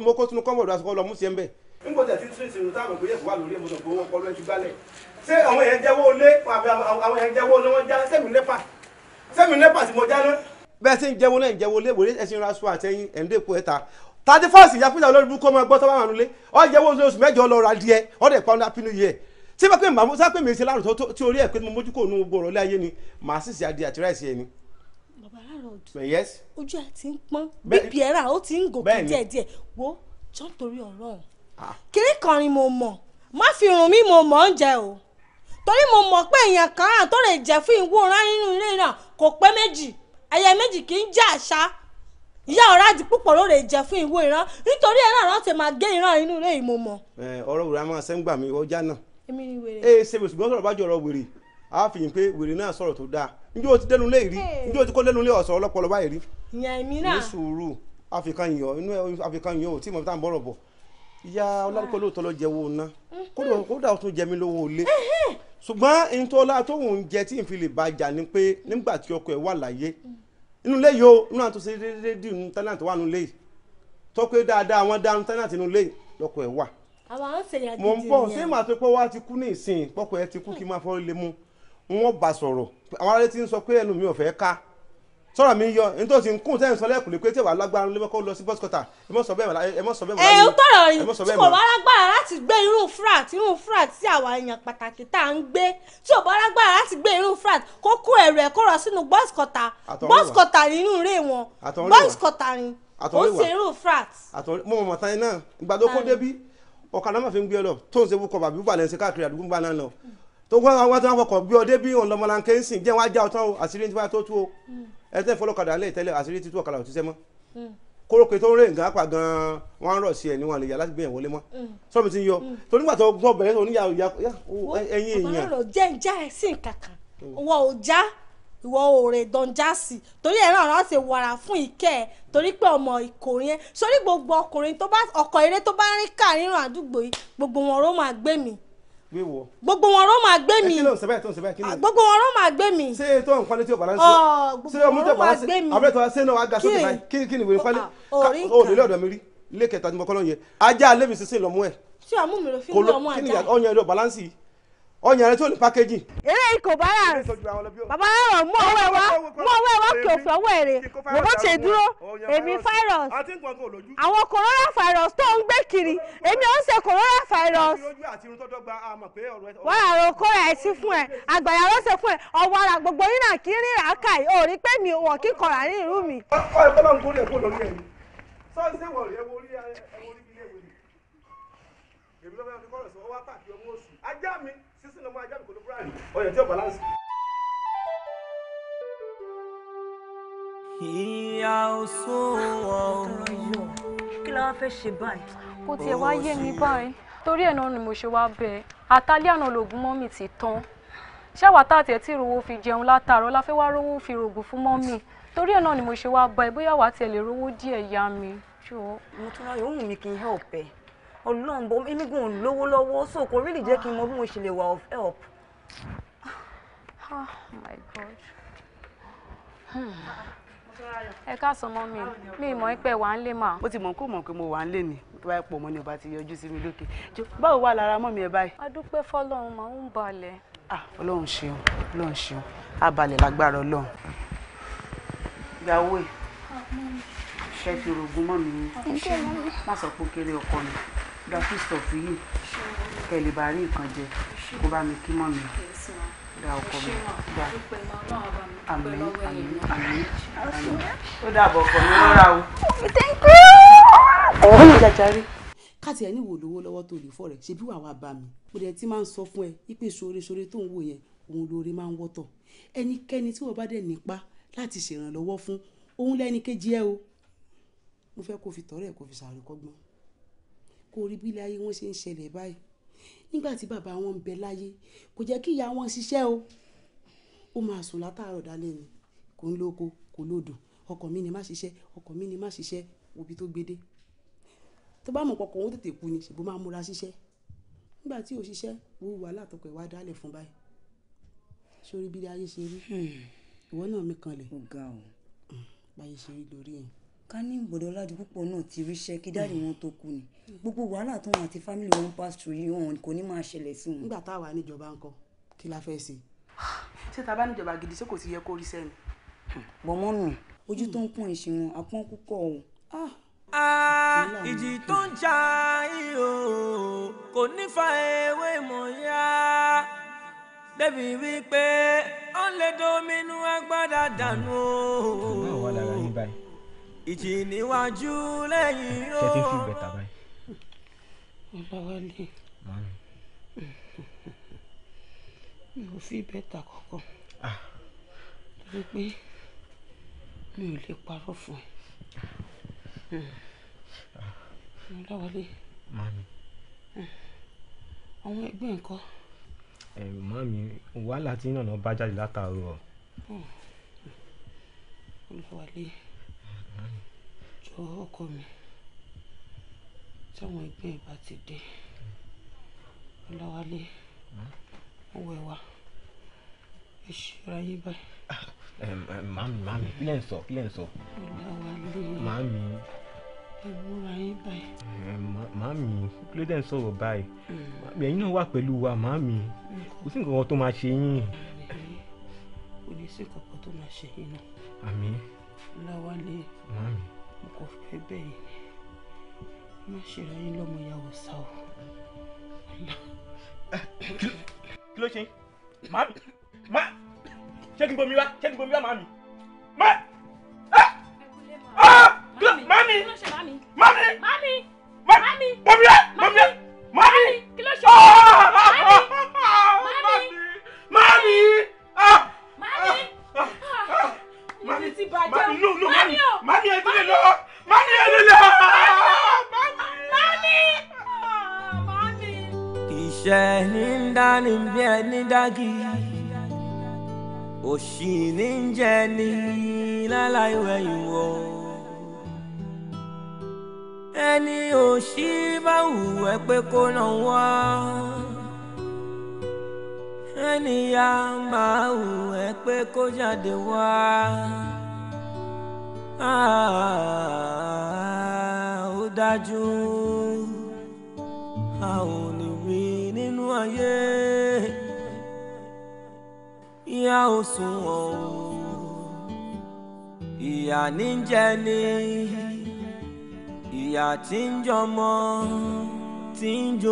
mo kó sínú kọ́ńbọ̀dù aṣọ lọ mú sí ẹ ń bẹ̀. nígbà tí a ti tún ìṣirò táwọn ìgbéyàwó wà lórí ẹ̀mọ́tò gbowó ọpọlọ ẹ̀ ti gbálẹ̀ ṣé àwọn èèyàn jẹ́wọ́ olé àwọn èèyàn jẹ́wọ́ olé wọ́n já sẹ́mi lẹ́pà sẹ́mi lẹ́pà tí mo já náà. bẹ́ẹ̀ sì ń jẹ́wọ́ náà ń jẹ́wọ́ olé wòlé ẹ̀sìn ra aṣọ àtẹ̀yìn ẹ̀ ń dẹ́kun ẹ̀ta thirty first ìyá peter olórí burúkú ọmọ ẹgbọ́n tó bá wà nulẹ̀ ọ jẹ́ owó oṣù mẹ́jọ lọ ra díẹ̀ ọ dẹ̀ pa ọ́nà pínú yẹ tí wọ́n pè màmú sápè mi ṣe lárùn tí orí ẹ̀ pé mo mójú kò nu gbogbo ọ̀rọ̀ ilé ayé ni màá sì ṣe adìẹ àti ráìsì ẹ ni. bàbá Harold ojú ẹ ti ń pọ́n bíbí ẹ̀rà ó ti ń gòkè díẹ̀díẹ̀ wo jọ́n torí ọ̀rọ̀ kiri kọrin mo mọ̀ má fi irun mi mo mọ̀ ń jẹ o torí mo mọ̀ pé èèyàn kan àtọ́rẹ̀ jẹ́ fún ìwúra nínú ilé náà kò pẹ́ méjì ẹ̀yẹ méjì kì í jẹ́ àṣà ìyá ọ̀rá di púpọ̀ lóore jẹ fún ìwọ ìran nítorí ẹ náà rántí máa gé ìran inú ilé ìmọ̀ mọ̀. ọ̀rọ̀ wèrè a máa ṣe ń gbà mí ọjà náà. èmi ni wèrè. ee ṣe bẹ̀rẹ̀ ṣùgbọ́n sọ̀rọ̀ bá jọ̀rọ̀ wèrè a fi hàn pé wèrè náà sọ̀rọ̀ tó dáa njẹ́ o ti dẹnu lé rí njẹ́ o ti kó dẹnu lé ọ̀sán ọlọ́pọ̀lọ́ báyìí rí. ìyá èmi náà. ní sùúrù àfikàn yọ inú àfikàn yọ ò tí mo fi tá à ń bọ̀rọ̀ bọ̀ ìyá ọlọ́dúnkọ ah. lóòótọ́ lọ jẹ́wọ́ ná mm-hmm. kódà ó tún jẹ mí lówó ilé eh, eh. ṣùgbọ́n ìtọ́lá tóun jẹ tí n fi lè bàjá ni pé nígbà tí ọkọ inú ilé yìí o inú àwọn tó ṣe rédíò ní tálàǹtì wà nínú ilé yìí tó pé dáadáa wọn dá tálàǹtì nínú ilé yìí lọ́kọ̀ ẹ̀ wà. àwọn àwọn ṣèyàn gidi ni mo ń bọ̀ ṣé màá tó pé wá ti kú ní ìsìn pọ́kọ̀ ẹ ti kú kí máa fọ́ lé mu wọ́n bá sọ̀rọ̀ àwọn ará ti ń sọ pé ẹnu mi ò fẹ́ ká sọ̀rọ̀ mi yọ ní tó ti ń kún sẹ́yìn sọ lẹ́kùn lè pé tí ìwà lágbára ló mẹ́kọ́ lọ sí bọ́sì kọ́tà ẹ mọ̀ sọ bẹ́ẹ̀ mọ̀ ẹ mọ̀ sọ bẹ́ẹ̀ mọ̀ láyé ẹ tọrọ tí kò bá lágbára láti gbé irú frat irú frat tí àwa èèyàn pàtàkì tá à ń gbé tí ò bá lágbára láti gbé irú frat kó kó ẹ̀rọ ẹ̀ kó rọ sínú bọ́sì kọ́tà bọ́sì kọ́tà nínú ilé wọn bọ́sì kọ́tà ni ó sì irú frat. mo mọ̀ tán iná ìgbà tó kó débí ọ̀kadà má fi ń gbé ọ lọ tó ń ṣe wúkọ bàbí balẹ̀ káàkiri àdúgbò gbà náà lọ tó wá tó bí ọdẹ bí òun lọ́mọlanke ń sìn jẹ́ wọ́n já ọtán àṣírí ní tí wọ́n á tó o ẹ tẹ́ fọlọ́kadà lẹ́yìn tẹ́lẹ̀ àṣírí títú ọ̀kadà òtísẹ́ mọ́ mm. kórópè tó ń rè nǹkan apà gan-an wọn ń rọ̀ sí ẹ̀ níwọ̀n lè yà láti gbé yẹn wọlé mọ́ mm. sọ́mi ti ń yọ mm. tó nígbà tó gbọ́ bẹ̀rẹ̀ tó níyà ya ẹyin èèyàn. ọ̀pọ̀ ọ̀rọ̀ jẹ́ ìjà ẹ̀ sí kankan ìwọ ò já ìwọ ò rè dànjá sí i torí ẹ̀ náà rán ṣe wàrà fún ìkẹ́ ẹ̀ torí pé ọmọ ìkòrin ẹ̀ sórí gbogbo ọkùnrin tó bá ọkọ̀ eré tó bá rìn káàrin àdúgbò yìí gbogbo wọn ló máa gbé mi gbé wọ. gbogbo wọn rán máa gbé mi. kí ló ń sẹ́bẹ̀ tó ń sẹ́bẹ̀ kí ni. gbogbo wọn rán máa gbé mi. ṣé tó ń kwalé tí balance. ọ gbogbo wọn rán máa gbé mi. abẹ́rẹ́ tó wá sẹ́nu wa ga sókè báyìí kí kí ni ìwé kwalé. orí kan o lè lé ọ̀dọ̀ mi rí ilé kẹta ni mo kọ́ lọ́yẹn ajá alẹ́ sísè lọ́mú ẹ̀. ṣé àmú mi ló fi ń lọ́mú ajá. kí ni ọyàn ẹ̀rọ balance yìí ọyàn rẹ tí ò ní pákéjì. eré ikọ̀ balance bàbá yàrá mú ọwọ́ ẹ wá mú ọwọ́ ẹ wá kí o fọwọ́ ẹ rè mo bó ṣe dúró èmi virus àwọn corona virus tó ń gbé kiri èmi ò ń ṣe corona virus. wọ́n á ro kóra ẹ̀ sí fún ẹ àgbàyà ló ṣe fún ẹ ọwọ́ ara gbogbo yín náà kí rírà á kà yìí ò rí pé mi wọ̀ kí kọ̀ọ̀rà ní ìlú mi. ọ̀ọ́ ẹ̀ bọ́lá ajá mi sí ni ọmọ ajá mi kò ní fúlàní ọyàn tí kí la wá ṣe báyìí. kò tiẹ̀ wá yé mi báyìí torí ẹ̀ náà ni mo ṣe wá bẹ́ẹ̀ àtàlẹ́ àná lògùn mọ́mì ti tán ṣáwá tá àti ẹ̀ tí ìrówó fi jẹun látàárọ̀ la fẹ́ wá rówó fi rògùn fún mọ́mì torí ẹ̀ náà ni mo ṣe wá bá bóyá wàá tiẹ̀ lè rówó díẹ̀ yá mi. mo tún ráyè ó wù mí kí n help ẹ ọlọ́run bọ́ èmi gan lówó lọ́wọ́ so kò rí lè jẹ́ kí n mọ bí mo ṣe lè wà of help. Ah, oh my god hmm. ẹ káàsán mọ́ mi mi mọ̀ pé wà ń lé mà. mo ti mọ̀ kó mọ̀ pé mo wà ń lé ni tó bá pọ̀ mọ́ ni ọba ti yọjú sí mi lókè báwo wà lára mọ́ mi ẹ báyìí. adúpẹ́ fọlọ́run máa ń balẹ̀. ah ọlọ́run ṣeun ọlọ́run ṣeun á balẹ̀ lágbára ọlọ́run. ìyàwó ẹ ah, ṣe fi rògùn mọ́ mi má sọ pé ó kéré ọkọ mi dá you. yìí kẹlẹ bá rí nǹkan jẹ kó bá mi kí mọ mi dá ọkọ mi dá àmín àmín àmín ó dàbọ̀ ọkọ mi lọ́ra o. ọ̀rọ̀ mi jàjàre káàtì ẹ̀ níwò lówó lọ́wọ́ tó lè fọ́ rẹ̀ ṣebí wàá wá bá mi mo dẹ̀ ti máa ń sọ fún ẹ wípé ṣoore tó ń wò yẹn òun lóore máa ń wọ́tọ̀ ẹnikẹ́ni tí wọ́n bá dẹ̀ nípa láti ṣèrànlọ́wọ́ fún òun lẹ́ni kejì o mo fẹ́ kó fi tọrẹ kó fi ṣàrẹ̀kọ́gbọ́n kó rí bí ilé ayé wọn ṣe ń ṣẹlẹ̀ báyìí nígbà tí bàbá wọn ń bẹ láyé kò jẹ́ kí ìyá wọn ṣiṣẹ́ o ó máa sùn látàárọ̀ dálẹ́ ni kò ń lóko kò lódò ọkọ mi ni má ṣiṣẹ́ ọkọ mi ni má ṣiṣẹ́ òbí tó gbédé tó bá mọ̀ pọ̀kọ̀ wọn tètè kú ni ṣùgbọ́n máa múra ṣiṣẹ́ nígbà tí ò ṣiṣẹ́ wo wàhálà tọkọ ìwà dálẹ̀ fún báyìí sórí bí ayé ṣe rí hmm. ìwọ náà mi kanlẹ̀ hmm, báyé ṣe rí lórí yẹn ká ní ìgbòdo Ọládipúpọ̀ náà ti ríṣẹ́ kí dáàdì mm. wọn tó kú ni mm. gbogbo wàhálà tó wọn àti fámìlì wọn pass through yìí wọn kò ní máa ṣẹlẹ̀ sí wọn. nígbà táwa níjọba ńkọ́ kí la fẹ́ ṣe. ṣé ta bá níjọba gidi ṣé kò ti yẹ kó rí sẹ́ni. bọ̀mọ́ mm. ojú tó ń pọ́n ìṣìn wọn àpọ́n púpọ̀ o. Ah! ìjì tó ń jà ìhò kò nífa ewé mọ̀ yá débi wípé ó lè dominú agbádá dànù. ọ̀nà ìwà lára yín báyìí ìjì níwájú lẹ́yìn o. ṣé tí fún bẹ́tà báyìí. ọba wálé mi ò fi bẹ́tà kankan ah. torí pé mi ò lè parọ́ fún ẹ. ọba ah. wálé àwọn ẹgbẹ́ nǹkan. ẹ̀rù mọ́ mi wàhálà tí nànà bá jáde látàárọ̀. ọba hmm. wálé jọ ọkọ mi tí àwọn ẹgbẹ́ ìbá ti dé ọlọ́wálé ó wẹ̀ wá ìṣúra yín báyìí. Ah, màmí màmí kílẹ̀ ń sọ kílẹ̀ ń sọ. ọlọ́wálé màmí. ìmúra yín báyìí. màmí kílẹ̀ dẹ̀ ń sọ̀rọ̀ báyìí hmm. ẹ̀yin náà wà pẹ̀lú wa màmí kò sí nǹkan kan tó máa ṣe yín. Hmm. kò ní sí nǹkan kan tó máa ṣe yín náà mami, mo kò fẹ́ bẹ́ẹ̀ má ṣe ra yín lọ́mọ ìyàwó sá o. kí ló mami, màámi má ṣé kí n bomi wá ṣé kí n bomi wá mami, má màámi mami, mami, mami, mami, mami, mami, mami, màámi kí ló ṣe màámi. ti bàjẹ́ o. mami o mami ẹ nílé lọ mami ẹ nílé lọ. mami. mami. ìṣẹ́ ní ń dání bí ẹni dági òṣì ní ń jẹ ní láláìwẹ̀ ìwọ. ẹni òṣì bá wù ẹ́ pé kó náà wá ẹnìyà máa wù ẹ́ pé kó jáde wá. Ah, ó dájú a ò ní wí nínú ayé ìyá ò o ìyá ní ni ìyá tí ń jọmọ tí ń o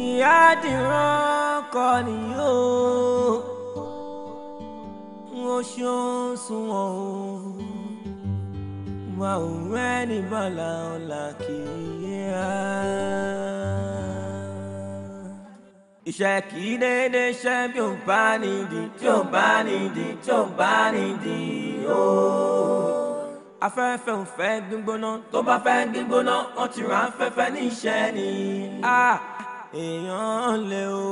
ìyá dìran kọ́ nìyó. oṣù sunwọ̀n o wà ó rẹ́ni bàlá ọ̀la kì í yẹra. Iṣẹ́ kì í dédé ṣẹ́ bí ò bá nídìí tí ò bá nídìí tí ò bá nídìí o. Afẹ́fẹ́ ò fẹ́ gbígbóná tó bá fẹ́ gbígbóná wọ́n ti rán afẹ́fẹ́ ní iṣẹ́ ni. Èèyàn lè o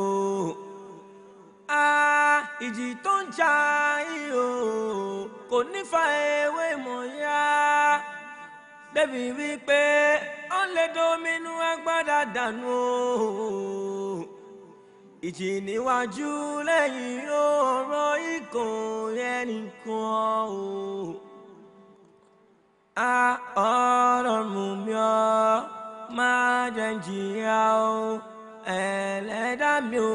ìjì tó ń jà ìhò kò nífa ewé mọ̀ yá débi wípé ó lè dominú agbádá dànù o ìjì níwájú lẹ́yìn ọ̀rọ̀ ikùn ẹnìkan o a ọ̀rọ̀ mú mi ọ́ máa jẹ́ jìyà o ẹlẹ́dàá mi o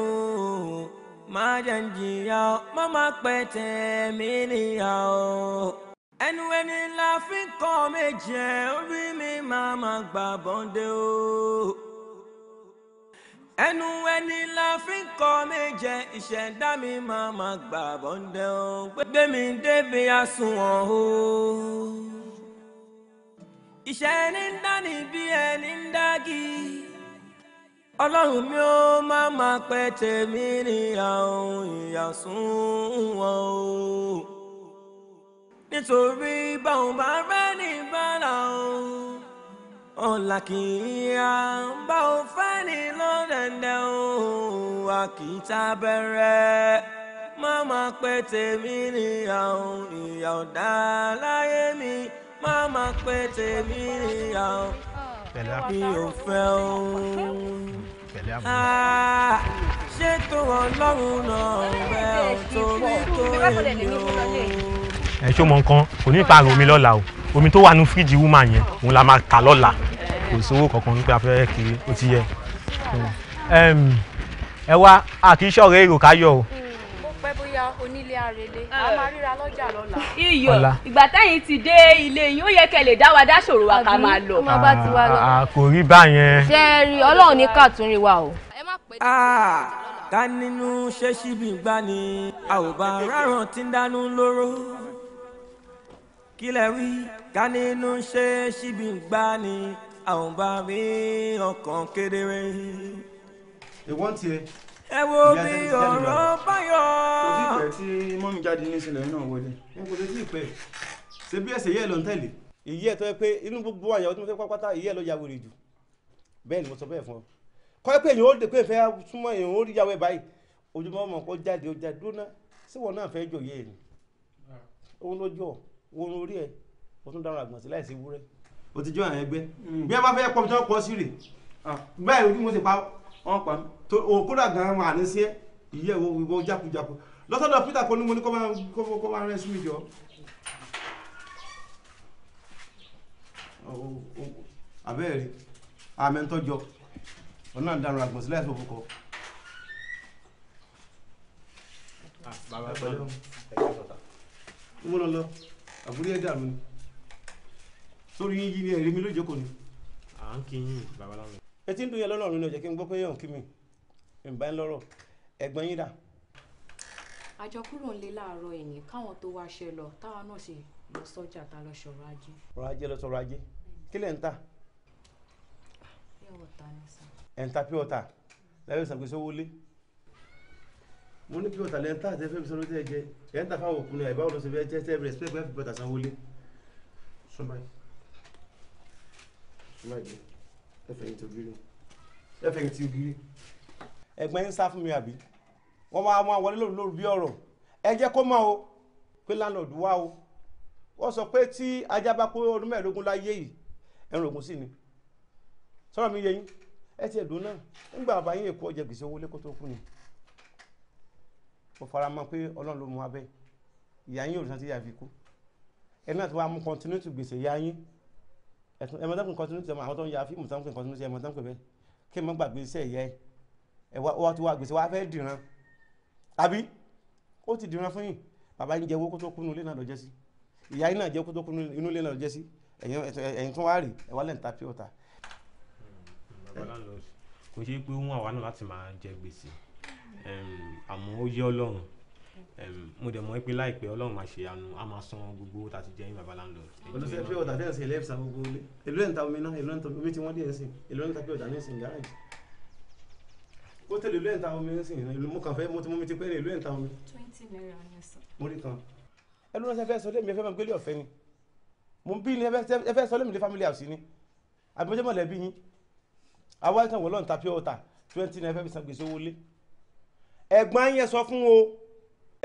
májànjìyà má má pẹ́ tẹ̀mí níyà o. ẹnu ẹni la fi kọ́ méje orí mi máa ma gbà bọ́ndé o. ẹnu ẹni la fi kọ́ méje ìṣẹ̀dá mi máa ma gbà bọ́ndé o. gbé mi débi àsùnwọ̀n o. ìṣẹ́ ní dání bí ẹni ń dági ọlọ́run mi ó má má pẹ́ tèmi níyà ohun ìyàsùn wọn o nítorí báwọn bá rẹ́ ní bàrà ohun ọ̀la kì í yá báwọn fẹ́ ní lọ́dẹ̀dẹ̀ ohun wa kì í ta bẹ̀rẹ̀ má má pẹ́ tèmi níyà ohun ìyà ọ̀dà láyé mi má má pẹ́ tèmi níyà ohun mi ò fẹ́ ohun pẹ̀lẹ́ àbúrò. Ah, ṣé tó ọlọ́run náà bẹ́ ò torí tó èmi o. ẹ ṣó mọ nǹkan kò ní ìparun omi lọ́la o omi tó wà ní fíríjì wúmà yẹn òun la máa kà lọ́la kò sówó kankan nípa afẹ́rẹ́ kiri ó ti yẹ. ẹ wá àkíṣọ́ rẹ̀ èrò káyọ̀ o onílé arele a eh. máa ríra lọ́jà lọ́la. iyọ̀ ìgbà táyìn ti dé ilé yín ó yẹ kẹ́ lè dá wa dá ṣòro wa ká máa lọ. a ah, ah, kò rí báyẹn. ṣe é rí ọlọ́run ní kàtúnrí wa o. ká ah, nínú ṣé síbi ìgbà ni a ò bá rárán tí ń dánú lóró kí lẹ wí ká nínú ṣé síbi ìgbà ni a ò bá rí ọkàn kedere. èwọ́n tiẹ̀ ẹ wo bí ọ̀rọ̀ báyọ̀. kò sí ìpẹ́ tí mọ́mí jáde ní ìṣẹ̀lẹ̀ náà wọlé. wọn kò sí ìpẹ́ ṣé bí ẹsẹ̀ yẹ́ ẹ̀ ló ń tẹ̀lé. ìyí ẹ̀ tó yẹ pé inú gbogbo àyàwó tí mo fẹ́ pátá ìyí ẹ̀ ló ya wèrè jù bẹ́ẹ̀ ni mo sọ bẹ́ẹ̀ fún ọ. kọ́ ẹ pé èèyàn ó dé pé ìfẹ́ súnmọ́ èèyàn ó rí yàwó ẹ̀ báyìí ojúmọ́ ọmọ kọ́ jáde ó jáde dúná sí wọn náà fẹ́ jọ yé e ni. òun ló jọ òun orí ẹ o tún dáhùn àgbọ̀nsí láìsí wúrẹ́. o wọ́n pa mí tó òkúra gan-an wà ní sí ẹ ìyẹ́ wo ìwọ jákujàku lọ́sọ̀dọ̀ Peter kò ní mo ní kó máa rẹ́ sí mi jọ. àbẹ́ẹ̀rí àmì ń tọ́jọ ọ̀nà ìdáná àgbọ̀n sílẹ̀ ìṣòfò kọ. mo lọ lọ àbúrí ẹ̀ dàrú ni sórí yín yí ni ẹ̀rí mi lójókòó ni. à ń kí yín babaláwo etí ń dún yẹn lọ́lọ́run ni ò jẹ́ kí n gbọ́ pé yóò kí mi ìbá ń lọ́rọ̀ ẹ̀gbọ́n yín dà. àjọ kúrò ń lé láàárọ̀ ẹ̀yìn káwọn tó wá ṣe lọ táwa náà sì lọ sọ́jà ta lọ ṣọ̀rọ̀ ajé. ọ̀rọ̀ ajé lọ sọ̀rọ̀ ajé kí lẹ̀ ń tà. ẹ̀ ń ta pure water lẹ́yìn ìsàgbé sówó lé. mo ní pure water lẹ́ ń tà tẹ́ fẹ́ mi sọ́dọ́ tẹ́ jẹ ẹ̀ ń ta fáwọn òkú ni àìbáwò ló ṣe fẹ́ jẹ́ tẹ́ respect pure water sanwó lé. sọ́mbà yìí sọ́mbà lẹ́fẹ̀ẹ́ ti ògiri. ẹ̀gbẹ́ ń sá fún mi àbí wọ́n máa máa wọlé lóru lóru bí ọ̀rọ̀ ẹ jẹ́ kó mọ̀ o pé lánàá wá o wọ́n sọ pé tí ajá bá pé ọdún mẹ́ẹ̀ẹ́dógún láyé yìí ẹ̀rùn ògùn sì ni sọ̀rọ̀ mi yẹ yín ẹ ti ẹ̀dùn náà nígbà bàbá yín èkó ọjà gbèsè owó lẹ́kọ́ tó kú ni mo fara mọ́ pé ọlọ́run ló mú abẹ́ ìyá yín òrìṣà ti yà fi kú ẹ náà ti wá mú kọ́ntínútù gbèsè ìyá yín ẹ̀mọ́tàkùn kọ́ntínútù ẹ̀mọ́ àwọn tó ń ya fíìmù tán pé kọ́ntínútù ẹ̀mọ́tàkùn bẹ́ẹ̀ kí n mọ́ gbàgbé iṣẹ́ ìyá ẹ̀ ẹ̀ wá ti wá gbèsè wá fẹ́ dìran àbí ó ti dìran fún yín bàbá yín jẹ owó kó tó kúnú ilé náà lọ jẹ sí ìyá yín náà jẹ kó tó kúnú inú ilé náà lọ jẹ sí ẹ̀yin tún wá rè ẹ̀ wá lẹ́ǹta pí ọ̀tà. kò ṣeé pé wọn àwa náà láti máa jẹ gbèsè àmọ́ ó yẹ Ọlọ́run mo dẹ̀ mọ̀ pé láìpẹ́ ọlọ́run máa ṣe àánú a máa san gbogbo owó tá a ti jẹ́ yín bàbá landlord. olùsẹ́ pé ọ̀dà tẹ̀ ń ṣe ẹlẹ́fìsà gbogbo ilé èló ẹ̀ ń ta omi náà èló ẹ̀ ń ta omi tí wọ́n dé ẹ̀ sìn èló ẹ̀ ń ta pé ọ̀dà ní ìsìn gáràjì. ó tẹ̀lé èló ẹ̀ ń ta omi ń sìn mo kàn fẹ́ mo ti mú mi ti pẹ́ èló ẹ̀ ń ta omi. twenty naira ni sọ. mo rí kan. ẹ ló ránṣẹ́ fẹ́ sọ lẹ́mi ẹ fẹ́ máa gbélé ọ̀fẹ́ ni mo bí ni ẹ fẹ́ sọ lẹ́mi lé family house ni àbí mo jẹ́ mọ̀lẹ́bí yín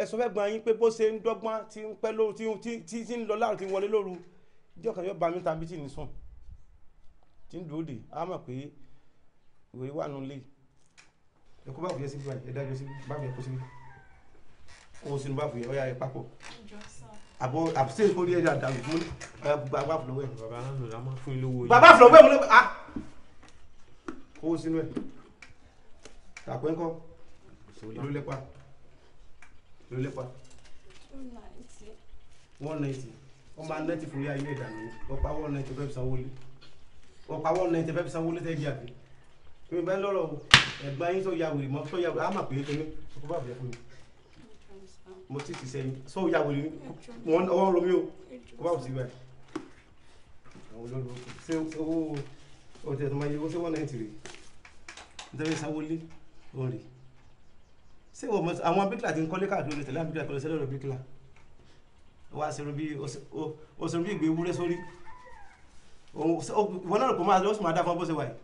ẹ sọ fẹ́ gbọ́n yín pé bó ṣe ń dọ́gbọ́n tí ń pẹ́ lóru tí ń lọ láàrú tí ń wọlé lóru ìjọ kan yóò bá mi tàbí tì ní sùn tí ń dúró dè á mọ̀ pé ìwé wà nù lé. ẹ kó báàbù yẹn síbi báyìí ẹ dájọ síbi báàbù yẹn kó síbi òun sínú báàbù yẹn ó yà ẹ papọ̀ àbọ̀ àbùsẹ̀ ìkórè ẹ̀dá àdàlù fún bàbá fúlọ̀wẹ̀. bàbá fúlọ̀wẹ̀ mo lè. bàbá fúlọ̀wẹ̀ mo lè. kó sínú ẹ̀ tàpẹ́ ńkọ́ ló lẹ́pa ló lépa. one ninety wọ́n máa ninety fún yá ilé ìdáná ni wọ́n pa one ninety fẹ́ẹ́ fi sanwó lé wọ́n pa one ninety fẹ́ẹ́ fi sanwó lé tẹ́gí àbí mi bẹ́ẹ̀ lọ́rọ̀ o ẹ̀gbọ́n yín tó ya wèrè mọ́ tó ya wèrè á mà pé é kéne kó bá bẹ̀rẹ̀ fún mi mo ti ti sẹ́yìn sọ ya wèrè wọn ọwọ́ ń lo mi o kó bá òsì báyìí ṣé owó ọtí tó máa yẹ owó sí one ninety rè nítorí sanwó lé òun rèé se o mọ àwọn bíkìlà ti ń kọ́lé káàkiri tẹ̀lé àbíkìlà kọ́lé sẹ́lẹ̀ rẹ̀ bíkìlà wá ṣerun bí o ṣerun bí ìgbé ewúrẹ́ sórí ìwọ náà kò máa lọ sí máa dá fún bó ṣe wà yìí.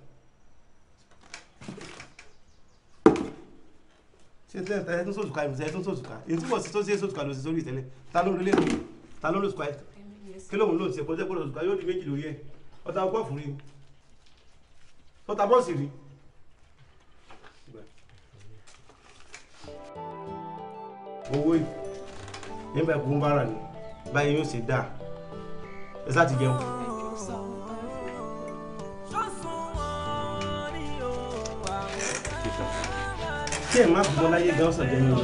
ṣé tẹ́ ẹ tún sòtùkà ẹ tún sòtùkà èyí tí wọ́n ti tó ṣe sòtùkà lọ sí sórí ìtẹ́lẹ̀ ta ló lè lò ta ló lò sùkà kí lóun lò ṣe kọjá kó lọ sòtùkà yóò di méjì lóye ọ̀tá ọgọ́fù rí ọ̀tá bọ́ọ̀sì rí. owó yìí nígbà kó ń bára ni báyìí yóò ṣe dáa ẹ sá ti jẹun. kí ẹ má bọ́ láyé gan ọ̀sán jẹ́ mi lọ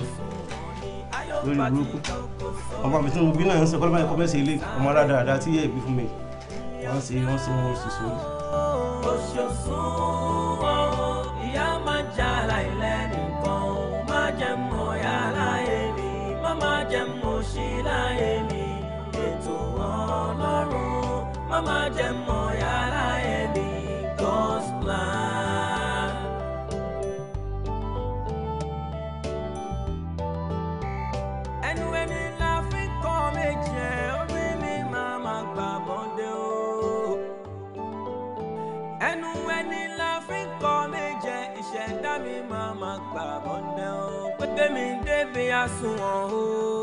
lórí burúkú ọmọ àbí tí mo bí náà ń sọ kọ́lá báyìí kọ́mẹ́sì ilé ọmọ aládàáda tí yẹ ìgbé fún mi wọ́n ṣe wọ́n ṣe wọ́n ṣe sórí. mama jẹmọ yàrá ẹni God's plan. ẹnu ẹni la fi kọ́ méjì ẹ̀ orí mi máa ma gbà bọ́dé o. ẹnu ẹni la fi kọ́ máa gbà bọ́dé o. pé kémi dé fi àsùnwọ̀n o.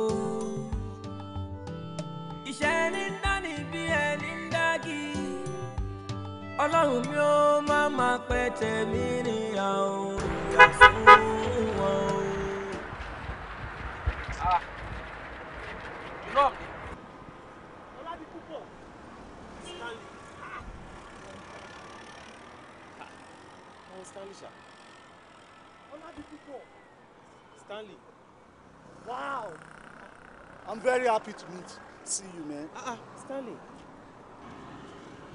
ọlọ́run mi ó má má pẹ́ tẹ̀mí nìyà òun ìyà fún wọn ah. Stanley ṣá. Ah. Ọlábí Stanley. Wow! I'm very happy to meet see you man. Uh -uh, Stanley.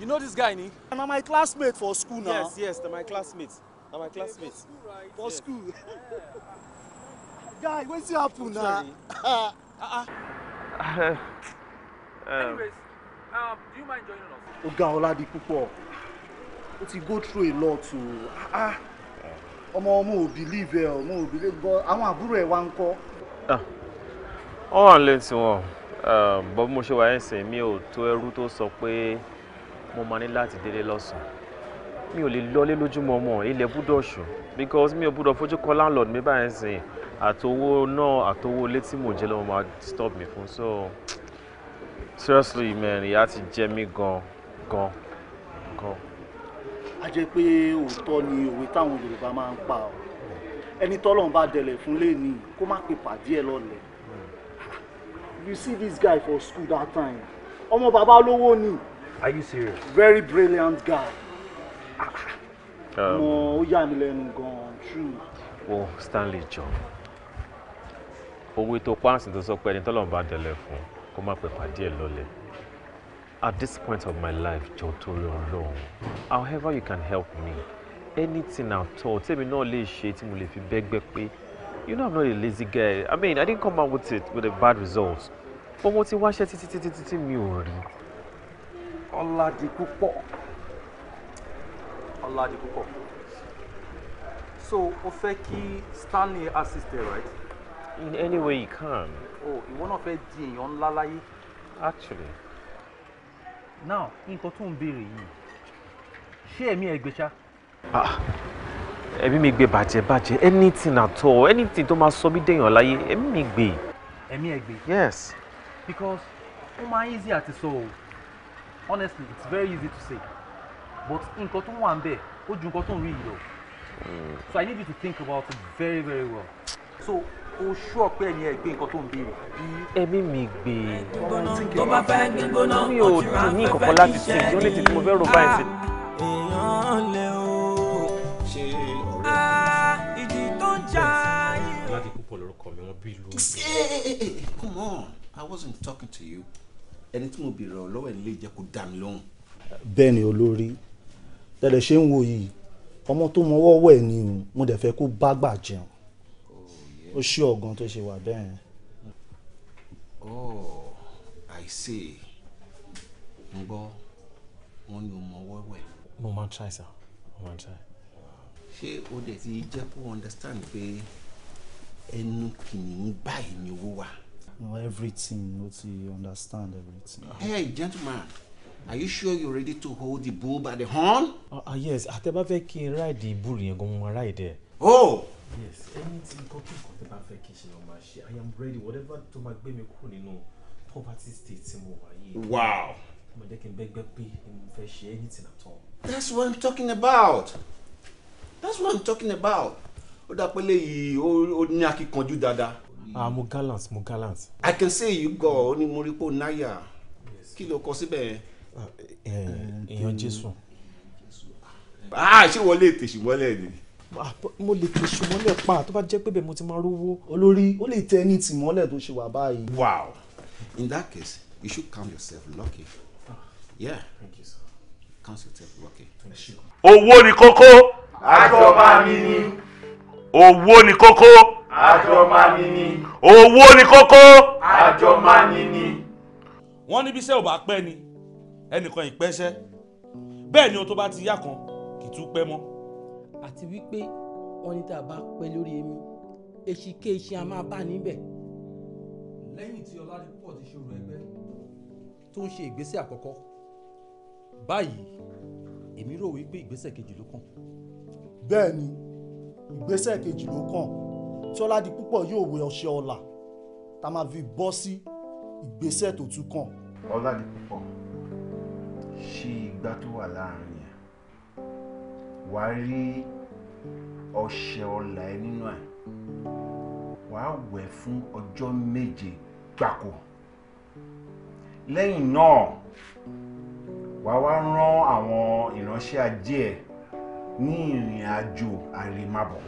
You know this guy, ni? I'm my classmate for school now. Yes, yes, they're my classmates. Na my classmates Yeah, for school, right? For yes. school. guy, wetin happen na? Ah ah. Anyways, um, do you mind joining us? Ọ̀gá Ọládì púpọ̀. Ó ti go through a lot to, Ah ah. Ọmọ ọmọ ò believe ẹ ọmọ ò believe gan. Àwọn àbúrò ẹ̀ wá ń kọ́. Ah, wọ́n wà lẹ́yìn tiwọn, bọ́ um, bí mo ṣe wà ẹ̀ sìn mi ò tó ẹrú tó mo máa ní láti délé lọ́sàn-án mi ò lè lọlé lójúmọ́ mọ́ ilẹ̀ búdọ̀ ṣù because mi ò búdọ̀ fojú kọ landlord mi báyìí sìn àtowó náà àtowó ilé tí mò ń jẹ lọ́wọ́ máa stop mi fún so seriously man ìyà ti jẹ mí gan gan gan. a jẹ́ pé òótọ́ ni òwe táwọn Yorùbá máa ń pa ọ́ ẹni tọ́lọ́run bá dẹlẹ̀ fún lẹ́ni kó má pe pàdé ẹ̀ lọ́lẹ̀ hmm. you see this guy for school that time ọmọ bàbá olówó ni. Are you serious? Very brilliant guy. no, um, ó yà mí lẹ́nu true. Wo Stanley John. owó tó páàsì tó sọ pé ẹni tọ́lọ̀ ń bá dẹ̀lẹ̀ fún kó má pẹ́ pàdé ẹ̀ lọ́lẹ̀. At this point of my life, jọ torí Ọlọ́run, however you can help me, anything at all, tèmi náà lè ṣe tí mo lè fi bẹ́gbẹ́ pé you know I'm not a lazy guy. I mean, I didn't come out with it with a bad result. But mo ti wáṣẹ́ títí títí títí mi ò rí di di Ọládipúpọ̀ so o fẹ́ kí Stanley assist ẹ right. in any way you can. oh ìwọ náà fẹ́ di èèyàn ńlá láyé. actually. now nǹkan tó ń béèrè yìí ṣé ẹ̀mí ẹ̀ gbé ṣá. Ah, ẹ̀mí mi gbé bàjẹ́ bàjẹ́ anything at all anything tó máa sọ mí dèèyàn láyé ẹ̀mí mi gbé. ẹ̀mí ẹ̀ gbé. yes. because ó máa ń easy àti sọ o. So honestly it's very easy to say but nǹkan tó wà ń bẹ̀ ó ju nǹkan tó ń rí yìí lọ so i need you to think about it very very well. so o ṣú ọpẹ ẹni ẹ gbé nǹkan tó ń béèrè. ẹbí mi gbé tó bá fẹ́ gbígbóná mi ò tì ní ìkọ̀kọ̀ láti ṣe ìjọ lè ti tí mo fẹ́ rò báyìí sí. Ah, èèyàn lè o ṣe ọ̀rẹ́ ìdí tó ń jà yìí. láti púpọ̀ lórúkọ mi wọ́n bí lórí. Eh, eh, eh, come on i wasn't talking to you ẹni tí mo bèrè ọ lọ́wọ́ ẹ̀ nílé jẹ́ kó dá mi lóhùn. bẹ́ẹ̀ ni olórí tẹ̀lẹ̀ ṣe ń wo yìí ọmọ tó mọ ọwọ́ ẹ̀ ni o mo dẹ̀ fẹ́ kó bá gbà jẹun oh, ó ṣí ọ̀gán tó ṣe wà bẹ́ẹ̀. oh i see n gbọ́ wọn ni o mọ ọwọ́ ẹ̀. mo máa ń try sir mo máa ń try. ṣé o dẹ̀ ti jẹ́ kó understand pé ẹnu kìnìún báyìí ni owó wà know everything o ti understand everything. hey gentleman are you sure you're ready to hold the bull by the horn. ah uh, uh, yes àtẹ̀bá fẹ́ kí n the bull yẹn gan mo máa ẹ̀. oh. yes anything kọ́kí kan tẹ́ bá fẹ́ kí n ṣe ọmọ àṣẹ i am ready whatever tó máa gbé mi kúrò nínú poverty state tí mo wà yìí. wow. mo jẹ́ kí n bẹ́gbẹ́ pé mo fẹ́ ṣe anything at all. that's what i'm talking about that's what i'm talking about ó dá pé léyìí ó ní akíkanjú dáadáa. Mm. ah mo gallant mo gallant. I can say you go ni mo rí pò náyà kí ló kọ síbẹ̀ yẹn. Ah, eh, eh, èèyàn eh, Jésù. ah ṣé wọlé ètè ṣùgbọ́lẹ̀ ni. Ah, mo lè tè ṣùgbọ́lẹ̀ pa tó bá jẹ́ pé bẹ́ẹ̀ mo ti máa rówó. olórí ó lè tẹ ẹni tìmọ́lẹ̀ tó ṣe wà báyìí. wow in that case you should calm yourself lucky yeah Thank you, sir. calm yourself lucky. owó ni kókó. àjọba mi ni. owó ni kókó àjọmani ni. owó ni kókó. àjọmani ni. wọ́n níbi iṣẹ́ ò bá pẹ́ ni ẹnìkan ìpẹ́ṣẹ́ bẹ́ẹ̀ ni o tó bá ti yá kan kì í tún pẹ́ mọ́. àti wípé wọ́n tá a bá pẹ́ lórí èmi èsìkéèsì a máa bá níbẹ̀. lẹ́yìn tí ọládìpọ̀ ti ṣòro ẹgbẹ́ tó ń ṣe ìgbésẹ̀ àkọ́kọ́ báyìí èmi rò wípé ìgbésẹ̀ kejì ló kàn. bẹ́ẹ̀ ni ìgbésẹ̀ kejì ló kàn tí ọlá di púpọ̀ yóò wẹ ọṣẹ ọlà tá a máa fi bọ́ sí ìgbésẹ̀ tó tún kàn. ọlá di púpọ̀ ṣí igbá tó wà láàrin yẹn wàá rí ọṣẹ ọlà ẹ nínú ẹ wàá wẹ̀ fún ọjọ́ méje gbáko lẹ́yìn náà wàá wá rán àwọn ìránṣẹ́ ajé ẹ ní ìrìn àjò àrèmábọ̀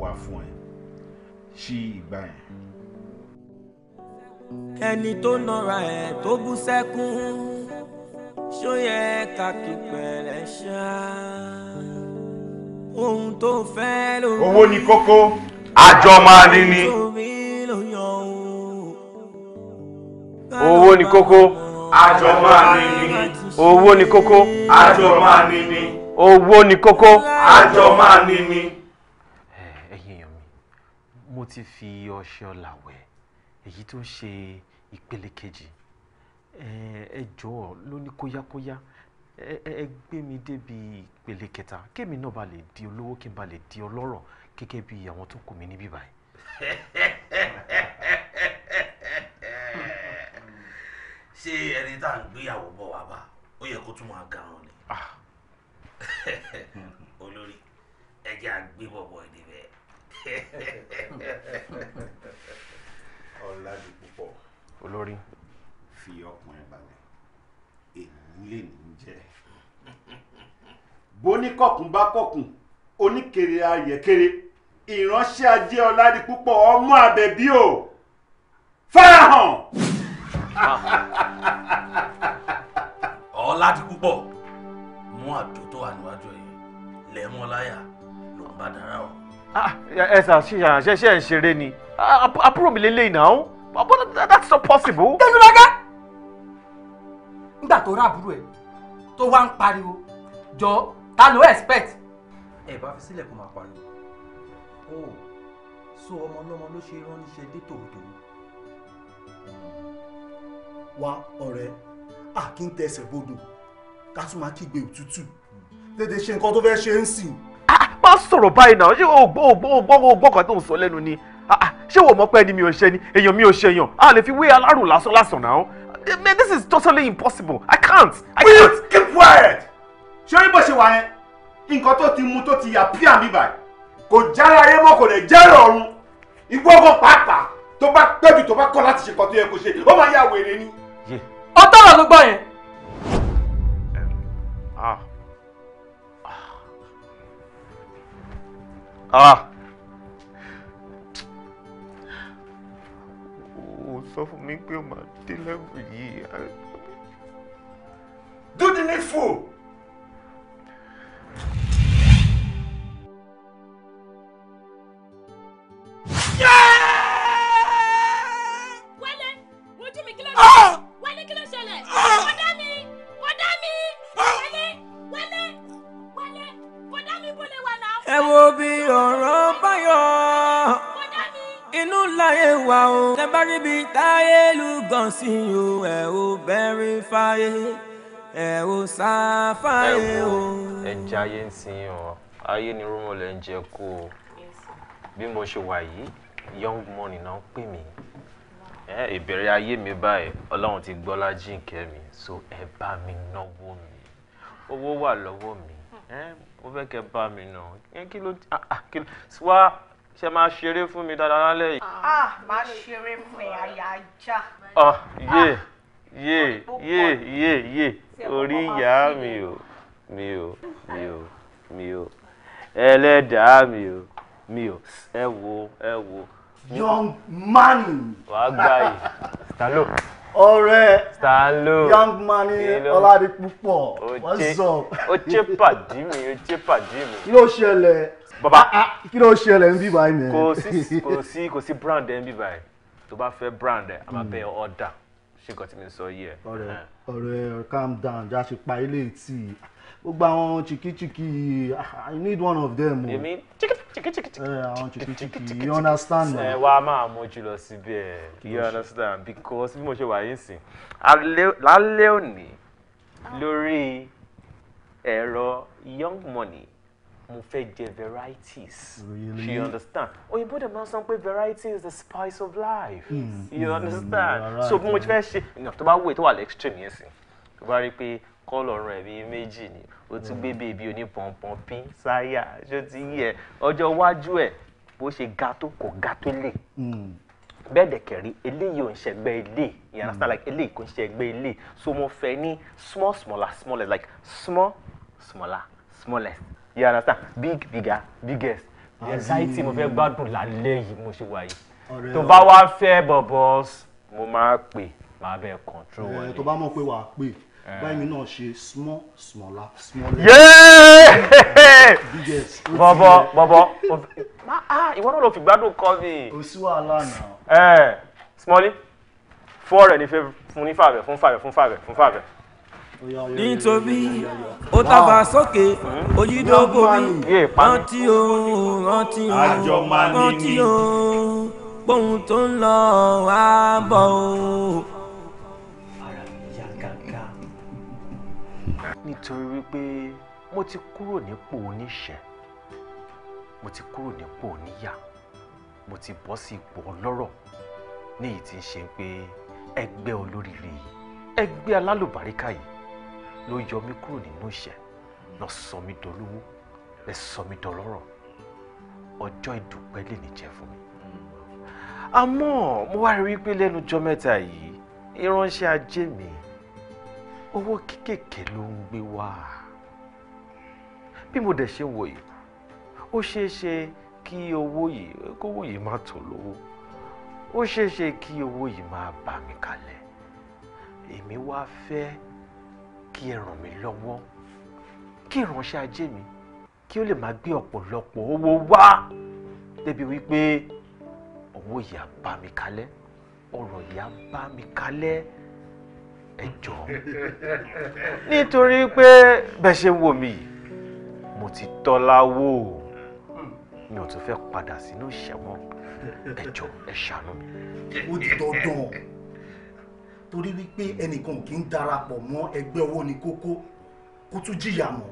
wá fún ẹ ṣí ìgbà yẹn. ẹni tó nọra ẹ tó bú sẹ́kún ṣó yẹ ká kí pẹ̀lẹ́ ṣá ohun tó fẹ́ lórí. owó ni kókó àjọ máa ní ni. owó ni kókó àjọ máa ní ni. owó ni kókó àjọ máa ní ni. owó ni kókó àjọ máa ní ni ti fi ọṣẹ ọ̀là wẹ̀ èyí tó ń ṣe ìpele kejì ẹ jọ̀ọ́ ló ní kóyákóyá ẹ gbé mi débi ìpele kẹta kémi náà bá lè di olówó kí n bá lè di ọlọ́rọ̀ gẹ́gẹ́ bí àwọn tó kù mí níbí báyìí. ṣé ẹni tá à ń gbéyàwó bọ̀ wá bá ó yẹ kó tún máa garàn ni ah. olórí ẹ jẹ́ àgbébọ̀bọ̀ ìdíbẹ̀ ọ̀làdì púpọ̀. olórí. fi ọkùnrin balẹ̀ èyí lè ní jẹ́. bóníkọ̀kùn bá kọ̀kùn oníkèrè ayẹ̀kèrè ìránṣẹ́ ajé ọ̀làdì púpọ̀ ọmọ àbẹ̀bí o farahàn. ọ̀làdì púpọ̀ mú àdó tó wà níwájú yìí lẹ́mọ́ láyà ló ń bá dára o. Ah, ẹ sà ṣe ṣe ń ṣeré ni ah, àbúrò mi lélẹ́yìn náà but that's not possible. tẹnu nígbà tó rà àbúrò ẹ tó wá ń pariwo jọ ta ló expect. ẹ bá fi sílẹ̀ kó máa pariwo o so ọmọ ọlọ́mọ ló ṣe ránníṣẹ́ dé tòótòó. wa ọ̀rẹ́ a kì í tẹsẹ̀ bodò ká tún máa kígbe òtútù tètè ṣe nǹkan tó fẹ́ ṣe ń sìn máa sọ̀rọ̀ báyìí náà ṣé o gbọ́ kan tó ń sọ lẹ́nu ni ah, ah, ṣé wò mọ́ pé ẹni mi ò ṣe ni èèyàn mi ò ṣe èèyàn a lè fi wé alárùn lásán lásán náà man this is totally impossible i can't i Will you keep quiet. ṣé orí bó ṣe wà yẹn nǹkan tó ti mu tó ti yà pí àmì báyìí kò jára ayé mọ́ kò lè jẹ́rọ̀ ọ̀run ìgbọ́ngàn pàápàá tó bá pẹ́jù tó bá kọ́ láti ṣe nǹkan tó yẹ kó ṣe ó máa yà wèrè ni. ọ̀tọ̀ ọ̀rọ̀ ló gbọ́ yẹn Ah! O sọ fún mi pé o máa dé lẹ́bù yìí. Do the needful! kàn sí o ẹ ò bẹ́rí fáyé ẹ ò sá fáyé o. ẹ jẹ ayé ń sin ọ ayé ni rúmọlẹ ń jẹ kó o bí mo ṣe wà yìí young money náà ń pè mí ìbẹ̀rẹ̀ ayé mi báyìí ọlọ́run ti gbọ́lá jíǹkẹ́ mi so ẹ bá mi náwó mi owó wà lọ́wọ́ mi mo fẹ́ kẹ́ bá mi nà ah, ah, kí ló wá ṣe máa ṣeré fún mi dáadáa lálẹ́ yìí. ah, ah máa ṣeré fún ẹ àyà ajá. Ah, ah, ọ yé yé yé yé yé orí ìyá mi o mi o mi o mi o ẹlẹ́dàá mi o mi o ẹ wo ẹ wo. young man. wàá gbà yìí. stalo. ọ̀rẹ́. stalo. young man ọládipúpọ̀. what's up. o ṣe pàdí mi o ṣe pàdí mi. kí ṣẹlẹ̀ baba ah, ah, kí ló ṣẹlẹ̀ ń bí báyìí nìyẹn. kò sí kò sí kò sí brand ẹ̀ ń bí báyìí tó bá fẹ́ brand ẹ̀ a máa hmm. bẹ̀ ọ̀dà ṣé nǹkan tí mi sọ yìí ẹ̀. ọ̀rẹ́ ọ̀rẹ́ calm down já ṣe pa ilé tí gbogbo àwọn chikichiki ah, i need one of them o. èmi chikichiki. ẹ eh, àwọn chikichiki you understand me. ẹ wá máa mójú lọ síbẹ̀ you understand because bí mo ṣe wà yín sìn lálẹ́ òní lórí ẹ̀rọ young money mo fẹ́ jẹ varieties really? you understand òyìnbó dẹ̀ máa sọ pé variety is the spice of life mm, you understand mm, right, so bí mo fẹ́ ṣe tó bá wù tó wà lẹ́xtreme yẹn sìn tó bá rí i pé kọ́ọ̀lù ọ̀run ẹ̀mí méjì ni o tún gbé bèbí oní pọ̀npọ̀n pín sáyà ṣó ti yẹ ọjọ́ iwájú ẹ̀ bó ṣe ga tó kò ga tó lè hmm. bẹ́ẹ̀ dẹ̀ kẹ̀rí eléyìí ò ń ṣẹgbẹ́ ilé you hmm. understand like eléyìí kò ń ṣẹgbẹ́ ilé so mo fẹ́ ní small smaller smaller like small smaller smallest you understand big bigger ah, biggest the anxiety mo fẹ́ gbádùn lálẹ́ yìí mo ṣe wà yìí tó bá wá fẹ́ bọ̀bọ̀ mo máa pè máa bẹ̀ control wọlé. Eh, tó bá mọ̀ pé wàá pè eh. báyìí náà ṣe small smaller smaller. biggest bọ̀bọ̀ bọ̀bọ̀ ìwọ náà ló fi gbádùn kọ́ mi. o sí wàhálà náà. Eh, smallie fún ọ̀rẹ́ ní fún ní fàbẹ̀ fún fàbẹ̀ fún fàbẹ̀ fún fàbẹ̀ nítorí ó tàbá sókè ojídógó mi rántí o rántí o rántí o pohun tó ń lọ wá bọ̀ o. nítorí wípé mo ti kúrò nípò oníṣẹ́ mo ti kúrò nípò oníyà mo ti bọ́ sí ipò ọlọ́rọ̀ ní èyí tí ń ṣe pé ẹgbẹ́ olóríire yìí ẹgbẹ́ alálùbáríkà yìí ló yọ mí kúrò nínú ìṣẹ́ lọ sọ mí dolówó ẹ sọ mí dọlọ́rọ̀ ọjọ́ ìdúpẹ́ lè ní jẹ́ fún mi. àmọ́ mo wá rí i pé lẹ́nu ọjọ́ mẹ́ta yìí ìránṣẹ́ ajé mi owó kéékèèké ló ń gbé wá bí mo dẹ̀ ṣe wò yìí ó ṣeé ṣe kí owó yìí kówó yìí má tó lówó ó ṣeé ṣe kí owó yìí máa bà mí kalẹ̀ èmi wá fẹ́ẹ́ kí ẹ ràn mí lọ́wọ́ kí ìránṣẹ́ ajé mi kí ó lè máa gbé ọ̀pọ̀lọpọ̀ owó wá débi wípé owó yìí á bá mi kalẹ̀ ọ̀rọ̀ yìí á bá mi kalẹ̀ ẹ jọ̀ọ́ nítorí pé bẹ́ẹ̀ ṣe wò mí yìí mo ti tọ́láwó mi ò tún fẹ́ padà sínú ìṣẹ̀wọ̀n ẹ jọ̀ọ́ ẹ ṣàánú mi. ó ti dandan torí wípé ẹnìkan ò kí ń darapọ̀ mọ́ ẹgbẹ́ owó ni kókó kó tún jìyà mọ́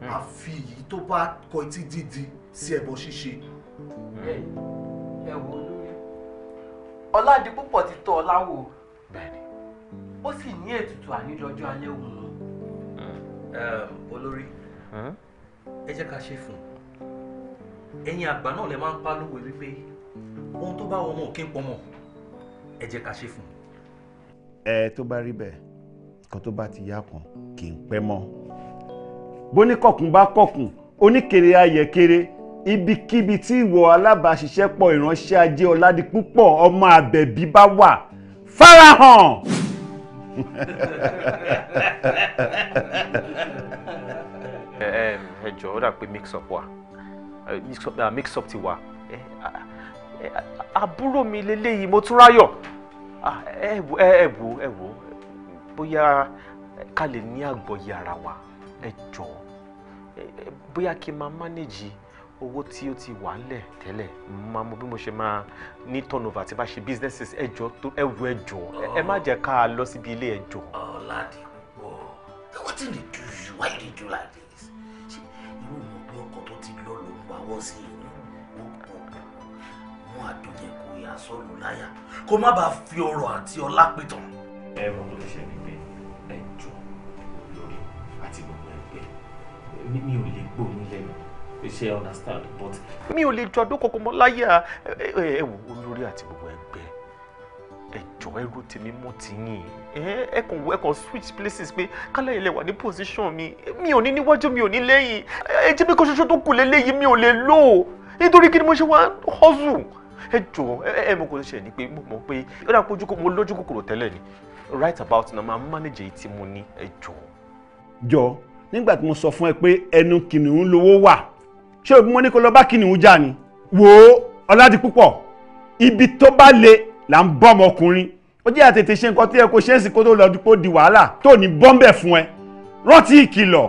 hmm. àfi yìí tó bá kọ etí dídi sí ẹbọ ṣíṣe. ẹ wo olóyè ọládipúpọ̀ ti tọ́ ọlá wò ó sì ní ètùtù ànílọ́jọ́ alẹ́ òun. Hmm. olórí hmm? ẹ jẹ́ ká ṣe fún un ẹ̀yin àgbà náà lè máa ń pa lówe wípé ohun tó bá wọ́n mọ̀ kí n pọ̀ mọ̀ ẹ jẹ́ ká ṣe fún un ẹ tó bá rí bẹ́ẹ̀ kan tó bá ti yá kan kì í pẹ́ mọ́ bóníkọ̀kùn bá kọ̀kùn oníkèrè ayẹ̀kèrè ibikíbi tí ìwọ alábàáṣiṣẹ́pọ̀ ìránṣẹ́ ajé ọ̀làdí púpọ̀ ọmọ àbẹ̀bí bá wà farahàn. Eh, ẹ jọ̀ọ́ ó dà pé mix up wa eh, mix up ah, ti wà eh, ah, àbúrò mi lélẹ́yìí mo tún ráyọ̀. Ah, ẹ wò ẹ wò ẹ wò bóyá ká lè ní àgbọ́yé ara wa ẹ jọ bóyá kí n máa mánéjì owó tí ó ti wà ńlẹ̀ tẹ́lẹ̀ máa mọ bí mo ṣe máa ní turnover tí bá ṣe businesses ẹ jọ ẹ wò ẹ jọ ẹ má jẹ́ ká lọ síbi ilé ẹ jọ. ọ̀làdì wọ̀ wetin dey do you why you dey do like this ṣe irú mo bí ọkọ̀ tó ti lọ́ọ́ ló pa wọ́n sí i mú àdójẹ́ padà sọ̀rọ̀ láyà kó má bàa fi ọrọ̀ àti ọlá pè tán. ẹ mọ tó lè ṣe ni pé ẹ jọ lórí àti gbogbo ẹgbẹ́ mi ò lè gbóyún lẹ́nu ṣe understand but. mi ò lè jọ àdó kankan mọ́ láyà ẹ wò olórí àti gbogbo ẹgbẹ́ ẹjọ́ ẹrú tèmi mú tìyìn ẹ kàn wọ ẹ kàn switch places pé kálẹ̀ ilẹ̀ wà ní position mi mi ò ní níwájú mi ò ní lẹ́yìn ẹ jẹ́ pé kó ṣoṣo tó kù lélẹ́yìn mi ò lè lò nítorí kí ni mo ṣe wá hustle ẹ jọ̀ọ́ ẹ mọ̀ kó ṣe ní pé mo mọ̀ pé ó dà pé mo lójú kòkòrò tẹ́lẹ̀ ni right about na máa manage èyí tí mo ní ẹ jọ̀ọ́. jọ nígbà tí mo sọ fún ẹ pé ẹnu kìnìún lowó wà ṣé òbí mo ní kó lọ bá kìnìún jà ni wò ó ọládì púpọ̀ ibi tó bá le là ń bọ́ ọmọkùnrin ó jẹ́ àtètè ṣe nǹkan tí ẹ kò ṣe é sí kó tó lọ dípò di wàhálà tó ní bọ́ńbẹ̀ fún ẹ rántí ìkìlọ̀.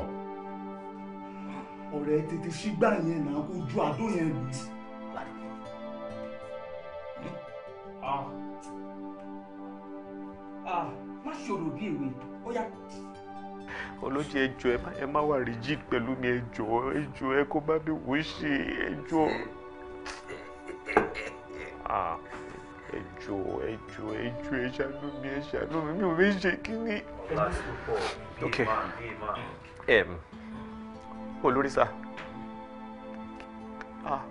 ọ̀rẹ́ tètè ṣígbà yẹn náà kó ju àdó yẹn lù sí. Ah. Ah, má ṣòro bí èwe ó yá. olóyè ẹjọ ẹ má wà rigid pẹ̀lú mi ẹjọ ẹjọ ẹ kó bá mi wò ṣe ẹjọ ah, ẹjọ ẹjọ ẹjọ ẹ ṣàánú mi ẹ ṣàánú mi mi ò fi ṣe kíní. ok um, olórí sá. ah.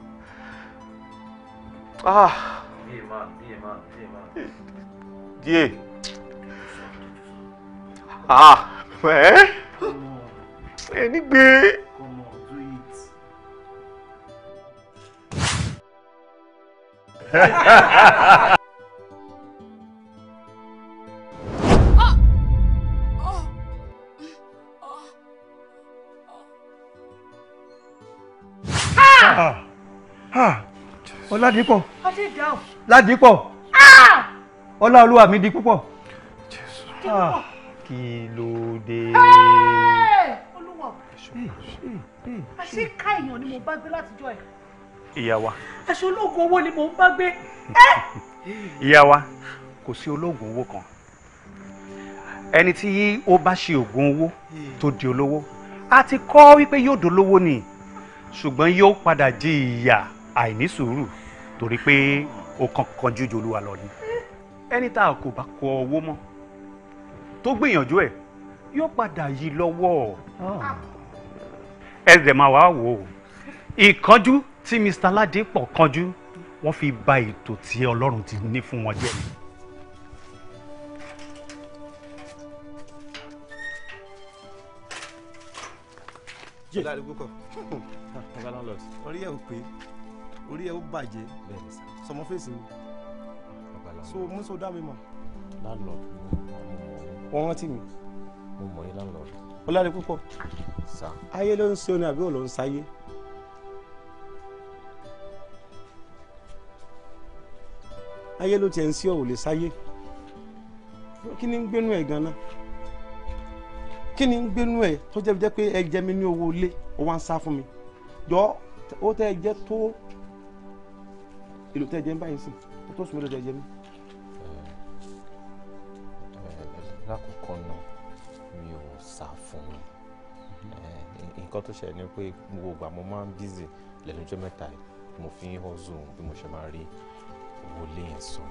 ah díẹ̀ máa díẹ̀ máa díẹ̀ máa. díẹ̀ ah ẹ́ eh? ẹni gbé ọládìpọ̀ ládìpọ̀ ah! ọlá olúwa mi di púpọ̀ ah, kí ló dé. olúwa àṣé ká èèyàn ni mo bá gbé látijọ́ ẹ̀. ìyá wa. aṣọ olóògùn owó ni mo ń bá gbé. ìyá wa kò sí olóògùn owó kan ẹni tí ó bá ṣe oògùn owó tó di olówó a ti kọ́ wípé yóò dolówó ni ṣùgbọ́n yóò padà jẹ ìyà àìní sùúrù torí pé ó kankan jújù olúwa lọ ni ẹni tá a kò bá kọ owó mọ́ tó gbìyànjú ẹ̀ yóò padà yí lọ́wọ́ ẹ dẹ̀ máa wá wò ó ìkánjú tí Mr. Ládépọ̀ kánjú wọ́n fi bà ètò tí Ọlọ́run ti ní fún wọn jẹ́ ni. láàrin púpọ̀ pé orí ẹ ó bàjẹ́ sọmọ fèsì ni so muso dá mi mọ̀. landlord wọn rántí mi. mo mọ̀ yín landlord. ọlọ́run púpọ̀ ayé ló ń ṣe oní àbí òun ló ń sáyé. ayé ló tiẹ̀ ń sí ọ̀hún lè sáyé kí ni ń gbénú ẹ̀ gan-an kí ni ń gbénú ẹ̀ tó jẹ́ pé ẹ jẹ mi ní owó ilé ó wá ń sá fún mi jọ ó tẹ́ ẹ jẹ́ tó èlò tẹ́ jẹ́ ń báyìí sìn ó tó sùn mélòó tẹ́ jẹ́ mi. Eh, lákòókò náà mi ò sá fún mi eh, nǹkan tó ṣẹlẹ̀ ni pé gbogbo ìgbà mo máa ń bízì lẹ́nu ọjọ́ mẹ́ta yìí mo fi ń hustle bí mo ṣe máa rí owó so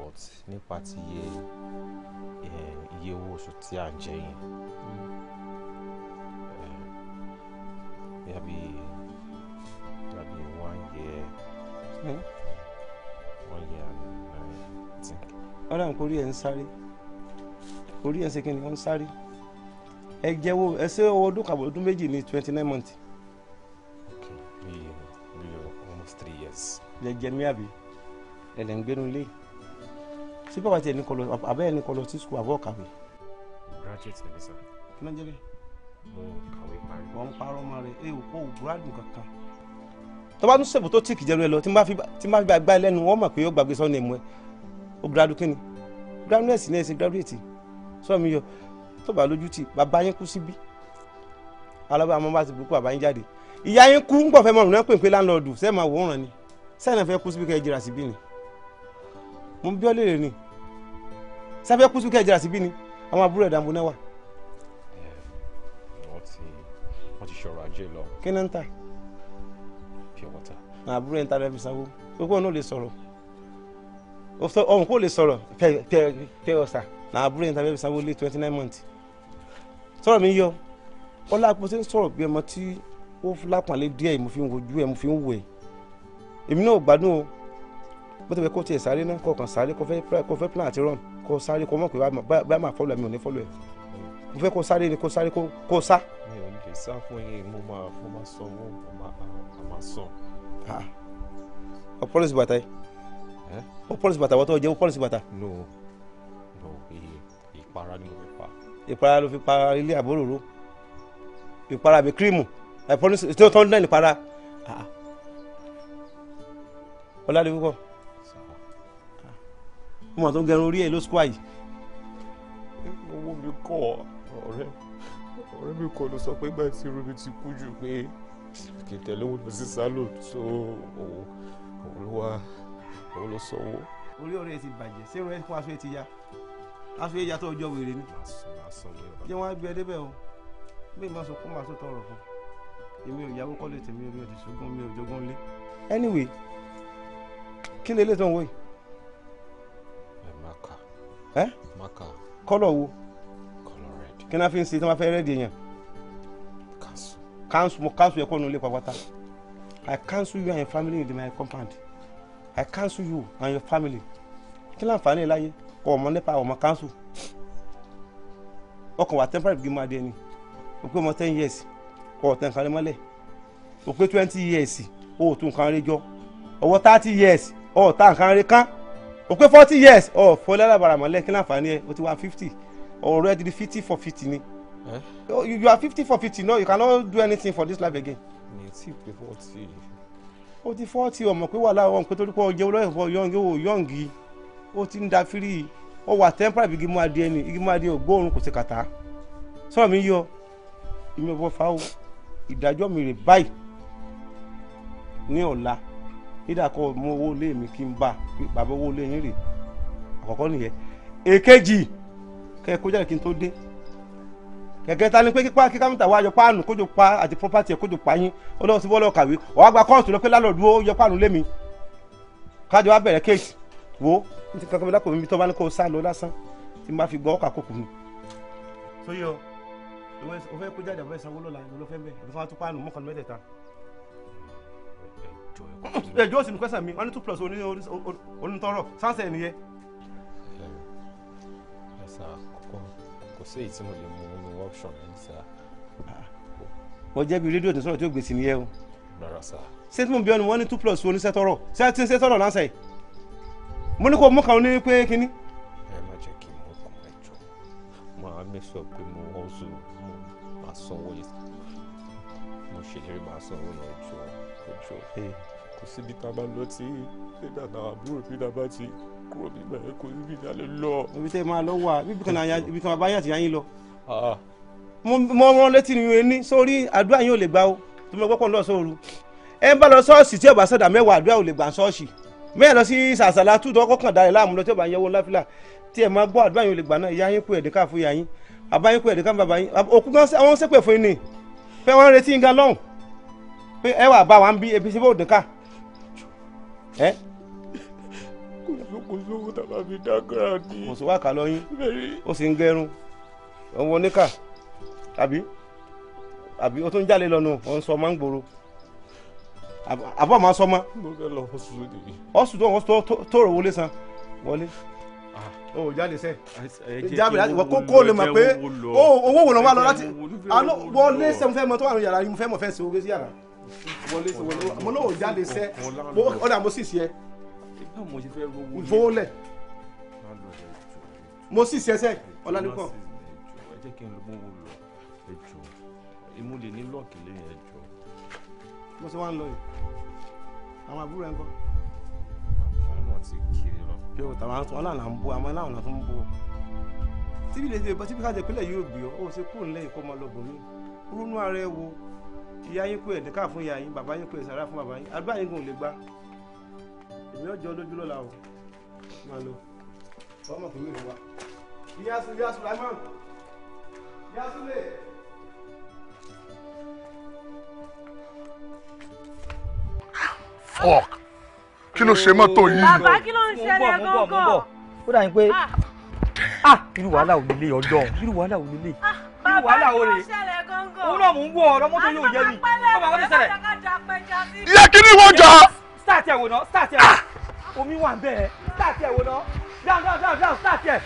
but nípa ti iye eh, iye owó oṣù tí a ń jẹ yẹn bí one year and nine ten. wọ́n dà ń kórí ẹ̀ ń sáré orí ẹ̀ ń ṣe kí ni wọ́n ń sáré ẹ jẹ́wọ́ ẹ ṣe owó ọdún kàbọ̀ ọdún méjì ní twenty nine months. okay bí bí almost three years. lè jẹ mí àbí lẹ̀lẹ̀ ń gbénu lé sí bàbá tiẹ̀ ní kọlọ abẹ́ ẹ̀ ní kọlọ sí sukùl àbọ̀ kàwé. graduate ni mi sá. kí ló ń jẹ́ bẹ́ẹ̀. mo kàwé parí. wọ́n ń parọ́ ọmọ rẹ̀ ẹ ò kó o gbúrádùn kankan tó bá tún ṣèbù tó tíì kìjẹ́rú ẹ lọ tí má fi gbá ẹ lẹ́nu wọ́n mọ̀ pé ó gbàgbé sọ́ọ́ nìmú ẹ ó gírádù kíni gírádù nẹ́ẹ̀sì ní ẹ̀sìn gírádùétì sọ́ọ̀mì yọ tó bá lójú tì bàbá yín kú síbí alábàá mọ́ bá ti bùkún bàbá yín jáde ìyá yín kú ń pọ̀ fẹ́ mọ̀rùn náà pè pé láńlọ́ọ̀dù sẹ́ẹ̀ máa wòran ni sẹ́ẹ̀ náà fẹ́ kú síbí kẹ́ ẹ jìrà síbí ni mo bí ọ́ léèrè ni sẹ́ẹ̀ fẹ́ kú síbí kẹ́ ẹ jìrà síbí ni àwọn àbúrò ẹ̀dá mo náà wà. wọ́n ti wọ́n ti ṣọ̀rọ̀ ajé lọ. kí ni ń àbúrò ẹni tàbí sanwó kókó náà lè sọ̀rọ̀ ọ̀hún o lè sọ̀rọ̀ pẹ ọ̀sà àbúrò ẹni tàbí sanwó lé twenty nine months sọ̀rọ̀ mi yọ ọlá àpò tí ń sọ̀rọ̀ bí ọmọ tí ó lápàlẹ́ díẹ̀ mo fi ń wojú ẹ̀ mo fi ń wò ẹ̀ èmi náà ò gbádùn o bó ti bẹ kó tiẹ̀ sáré náà kọkàn sáré kó fẹ́ plan àti run kó sáré kó mọ̀ pé bá máa fọ́lù ẹ̀mí ò ní fọ́lù ẹ̀ mo fẹ́ kó sáré ni kó sáré kó sá. mi ò lè sá fún yín mo máa fún máa sanwó mo máa sàn ọ pọ́lísì bàtà yìí ọ pọ́lísì bàtà wọ́n tó jẹ́ ọ pọ́lísì bàtà. no no ìpara ni mo fi pa. ìpara ló fi pa ilé àbóròró ìpara àbí kírímù ẹ pọ́lísì tí ó tọ́ náà ìpara ọ̀làdé púpọ̀ ọmọ tó gẹrun orí ẹ ló sùkúà yìí. owó mi kọ ọ̀rẹ́ ọ̀rẹ́ mi kọ ló sọ pé gbàtí rúbi ti kú jù pé kì í tẹ̀lé òun sí salon so òun òun orí ọ̀rẹ́ ti bàjẹ́ ṣé ìrìn fún aṣọ ẹ aṣọ ẹ tó ọjọ́ wèrè ni jẹ́ wọ́n á gbé ẹ o bí ìmọ̀ sọ kó máa tó tọrọ fún èmi ò yáwó kọ́lé tèmi mi ò ti ṣùgbọ́n mi ò jogún lé. anyway kí lè lè tó ń wò yìí. ẹ máa kà. ẹ máa kà. kọ́lọ̀ wo. kọ́lọ̀ rẹ̀dì. kí ni a fi ń ṣe tí wọ́n bá fẹ́ rẹ̀dì yẹn cancel mo cancel yẹ kọ́ nu i cancel you and your family in my compound i cancel you and your family kí láǹfààní ẹ láyé kọ ọmọ nípa ọmọ cancel ọkàn wà temporary bí mo adé ni o pé ọmọ ten years kọ ọ̀tẹ̀ nǹkan rẹ mọ́lẹ̀ o pé twenty years o ò tún nǹkan rẹ jọ ọwọ́ thirty years ọ̀ ta nǹkan rẹ kán o pé forty years ọ̀ fọlẹ́ alábàrà mọ́lẹ̀ kí láǹfààní ẹ o ti wa fifty ọ̀rọ̀ ẹ ti di fifty for fifty ni. Eh? Oh, you, you are fifty for fifty no you cannot do anything for this life again. mi ti pe forty. o ti forty ọmọ pé wàhálà ọmọ pé torí pé ọjọ́ olóyìnbó yọ̀ǹgì ó yọ̀ǹgì ó ti ń da firi ó wà temporary bí igi mú adìẹ ni igi mú adìẹ ò gbóòórùn kò sí kàtá sọ̀rọ̀ mi yọ ìmọ̀ ìbọn fa o ìdájọ́ mi rè báyìí ní ọ̀la nígbà kan mú owó ilé mi kí n bá bàbá owó ilé yín rè àkọ́kọ́ nìyẹn èkejì kẹ́ jáde kí n tó dé kẹ̀kẹ́ ta ni pé kíkọ́ kí kámítà wa yọ páànù kójú pa àti property ẹ̀ kójú pa yín ọlọ́run sí bọ́ọ̀lù ọ̀kàwé ọ̀wá gba kóòtù lọ pé lálọ́ọ̀dù ó yọ páànù lémi kájọ wa bẹ̀rẹ̀ kéèsì wo ní ti kankan lápò mi tó bá ní kó sá lọ lásán tí n bá fi gbọ́ ọkà kókò mi. sóyè o o fẹ́ kó jáde àbúrò ìsanwó lọ́la ìwọ ló fẹ́ bẹ́ẹ̀ àbí fáwọn tó páànù mọ́kànlá mẹ́tẹ̀ẹ̀ta. ẹjọ́ òsì ní kwẹ́sà mi one two plus onítọ́rọ̀ sáńsẹ̀ nìyẹn. ẹ ẹ sá kò sí èyí tí mo lè mú nínú option yẹn sá. mo jẹ́bi rédíò tó sọ̀rọ̀ tí ó gbèsè nìyẹn o. rárá sá. ṣé tí mo bí ọ wọ́n ní two plus two oníṣẹ́tọ́rọ̀ ṣé tí ń ṣe tọ́rọ̀ lánṣẹ́ yìí. mo ní kó mú kan ní pé kínní. ẹ má jẹ́ kí n mú kan ẹjọ́ máa mẹ́sọ̀ pé mo ọ̀ṣọ́ mo máa sanwó yẹn mo ṣèlérí máa sanwó yẹn ẹjọ́ ẹjọ́ kò síbi tá a bá lọ tí nígbà tá a àbúrò mi náà bá ti kúrò bíbẹ̀ kò síbi ìdá lè lọ. ibi tẹ́ máa lọ wà bíbí kan àbáyé àti yáyín lọ. Ah. mo rán létí ni mi sórí àdúrà yín ò lè gbà o tó mọ gbọ́pọ̀ lọ sóoru ẹ ń bá lọ ṣọ́ọ̀ṣì tí ọ̀bà sọ̀dà mẹ́wàá àdúrà ò lè gbà ṣọ́ọ̀ṣì mẹ́ẹ̀ lọ sí sàṣàlá tó tọ́kọ́ kàn dáre láàmú lọ tí ọ̀bà yẹwò láfílà tí ẹ̀ máa gbọ́ àdúrà yín ò lè gbà náà ìyá yín kú ẹ̀dẹ́ká fún ìyá yín àbá yín kú ẹ̀dẹ́ká fún bàbá yín òkú gan àwọn ṣépè fún yín ni pé wọ́n ń retí yín gan lọ́hùn pé ẹ wà bá wa ń bí ebi síbò òdìká ẹ́ kò sówó tàbá fi dá gíràndì. kò sówó àkàlọ yín ó sì ń gẹrun òun wọ níkà àbí àbí ó tún jáde lọ́nu òun sọ máa ń gbòòrò àbọ̀ máa sọ mo fẹ́ lọ ọ̀sùn lóde. ọ̀sùn tó wọ́n tó rò wọlé san wọlé o jáde sẹ jáde láti wọ kókó lè mọ pé owó wò ló lọ láti wọlé sẹ mo fẹ́ mọ tó wà ní yàrá yìí mo fẹ́ mọ fẹ́ ṣe sí yàrá wọlé sẹ mo náà jáde sẹ ọdà mo sì sí ẹ báwo mo ṣe fẹ́ rówó lẹ. fowó mo sì ṣẹṣẹ ọlálẹ́kọ̀. ẹ jẹ́ kí n lo mọ́wó lọ ẹ jọ imú lè ní lọ́ọ̀kì lẹ́yìn ẹ jọ. mo ṣe wá ń lọ yìí àwọn àbúrò ẹ ń kọ́. àwọn náà ti kiri lọ. pé o tàwọn àwọn aláàlá ń bó àwọn aláàlá tó ń bó tíbi lè dé yóò gbé ọ ó ṣe kúrò nílẹ̀ ìkọ́ ọmọ lọ́gbọ̀n mi ronú ara ẹ wo ìyá yín kú ẹ̀ díkà fún ìyá yín bàbá yín kú ẹ̀ sàrà fún bàbá yín àdúrà yín kò lè gbà èmi ọjọ́ lójú lọ́la o máa lọ. ọmọ tó wíìrì wa. yíyá sùn yíyá sùn láìmọ̀ yíyá sùn lè. fuck kí ló ṣe mọ́tò yìí. bàbá kí ló ń ṣẹlẹ̀ gángan. ó dà ní pé ah, ah irú wàhálà ò nílé ọjọ́ irú wàhálà ò nílé ah, irú wàhálà ò rè òun náà mò ń wọ ọ̀rọ̀ mọ́tò yóò yẹ mi ọmọ àwọn ti ṣẹlẹ̀. yẹ kí ni wọ́n jà. start ẹ̀ wò ná start ẹ̀ wò. Ah omi wà bẹ́ẹ̀ start ẹ̀ wò ná down down down down start ẹ̀.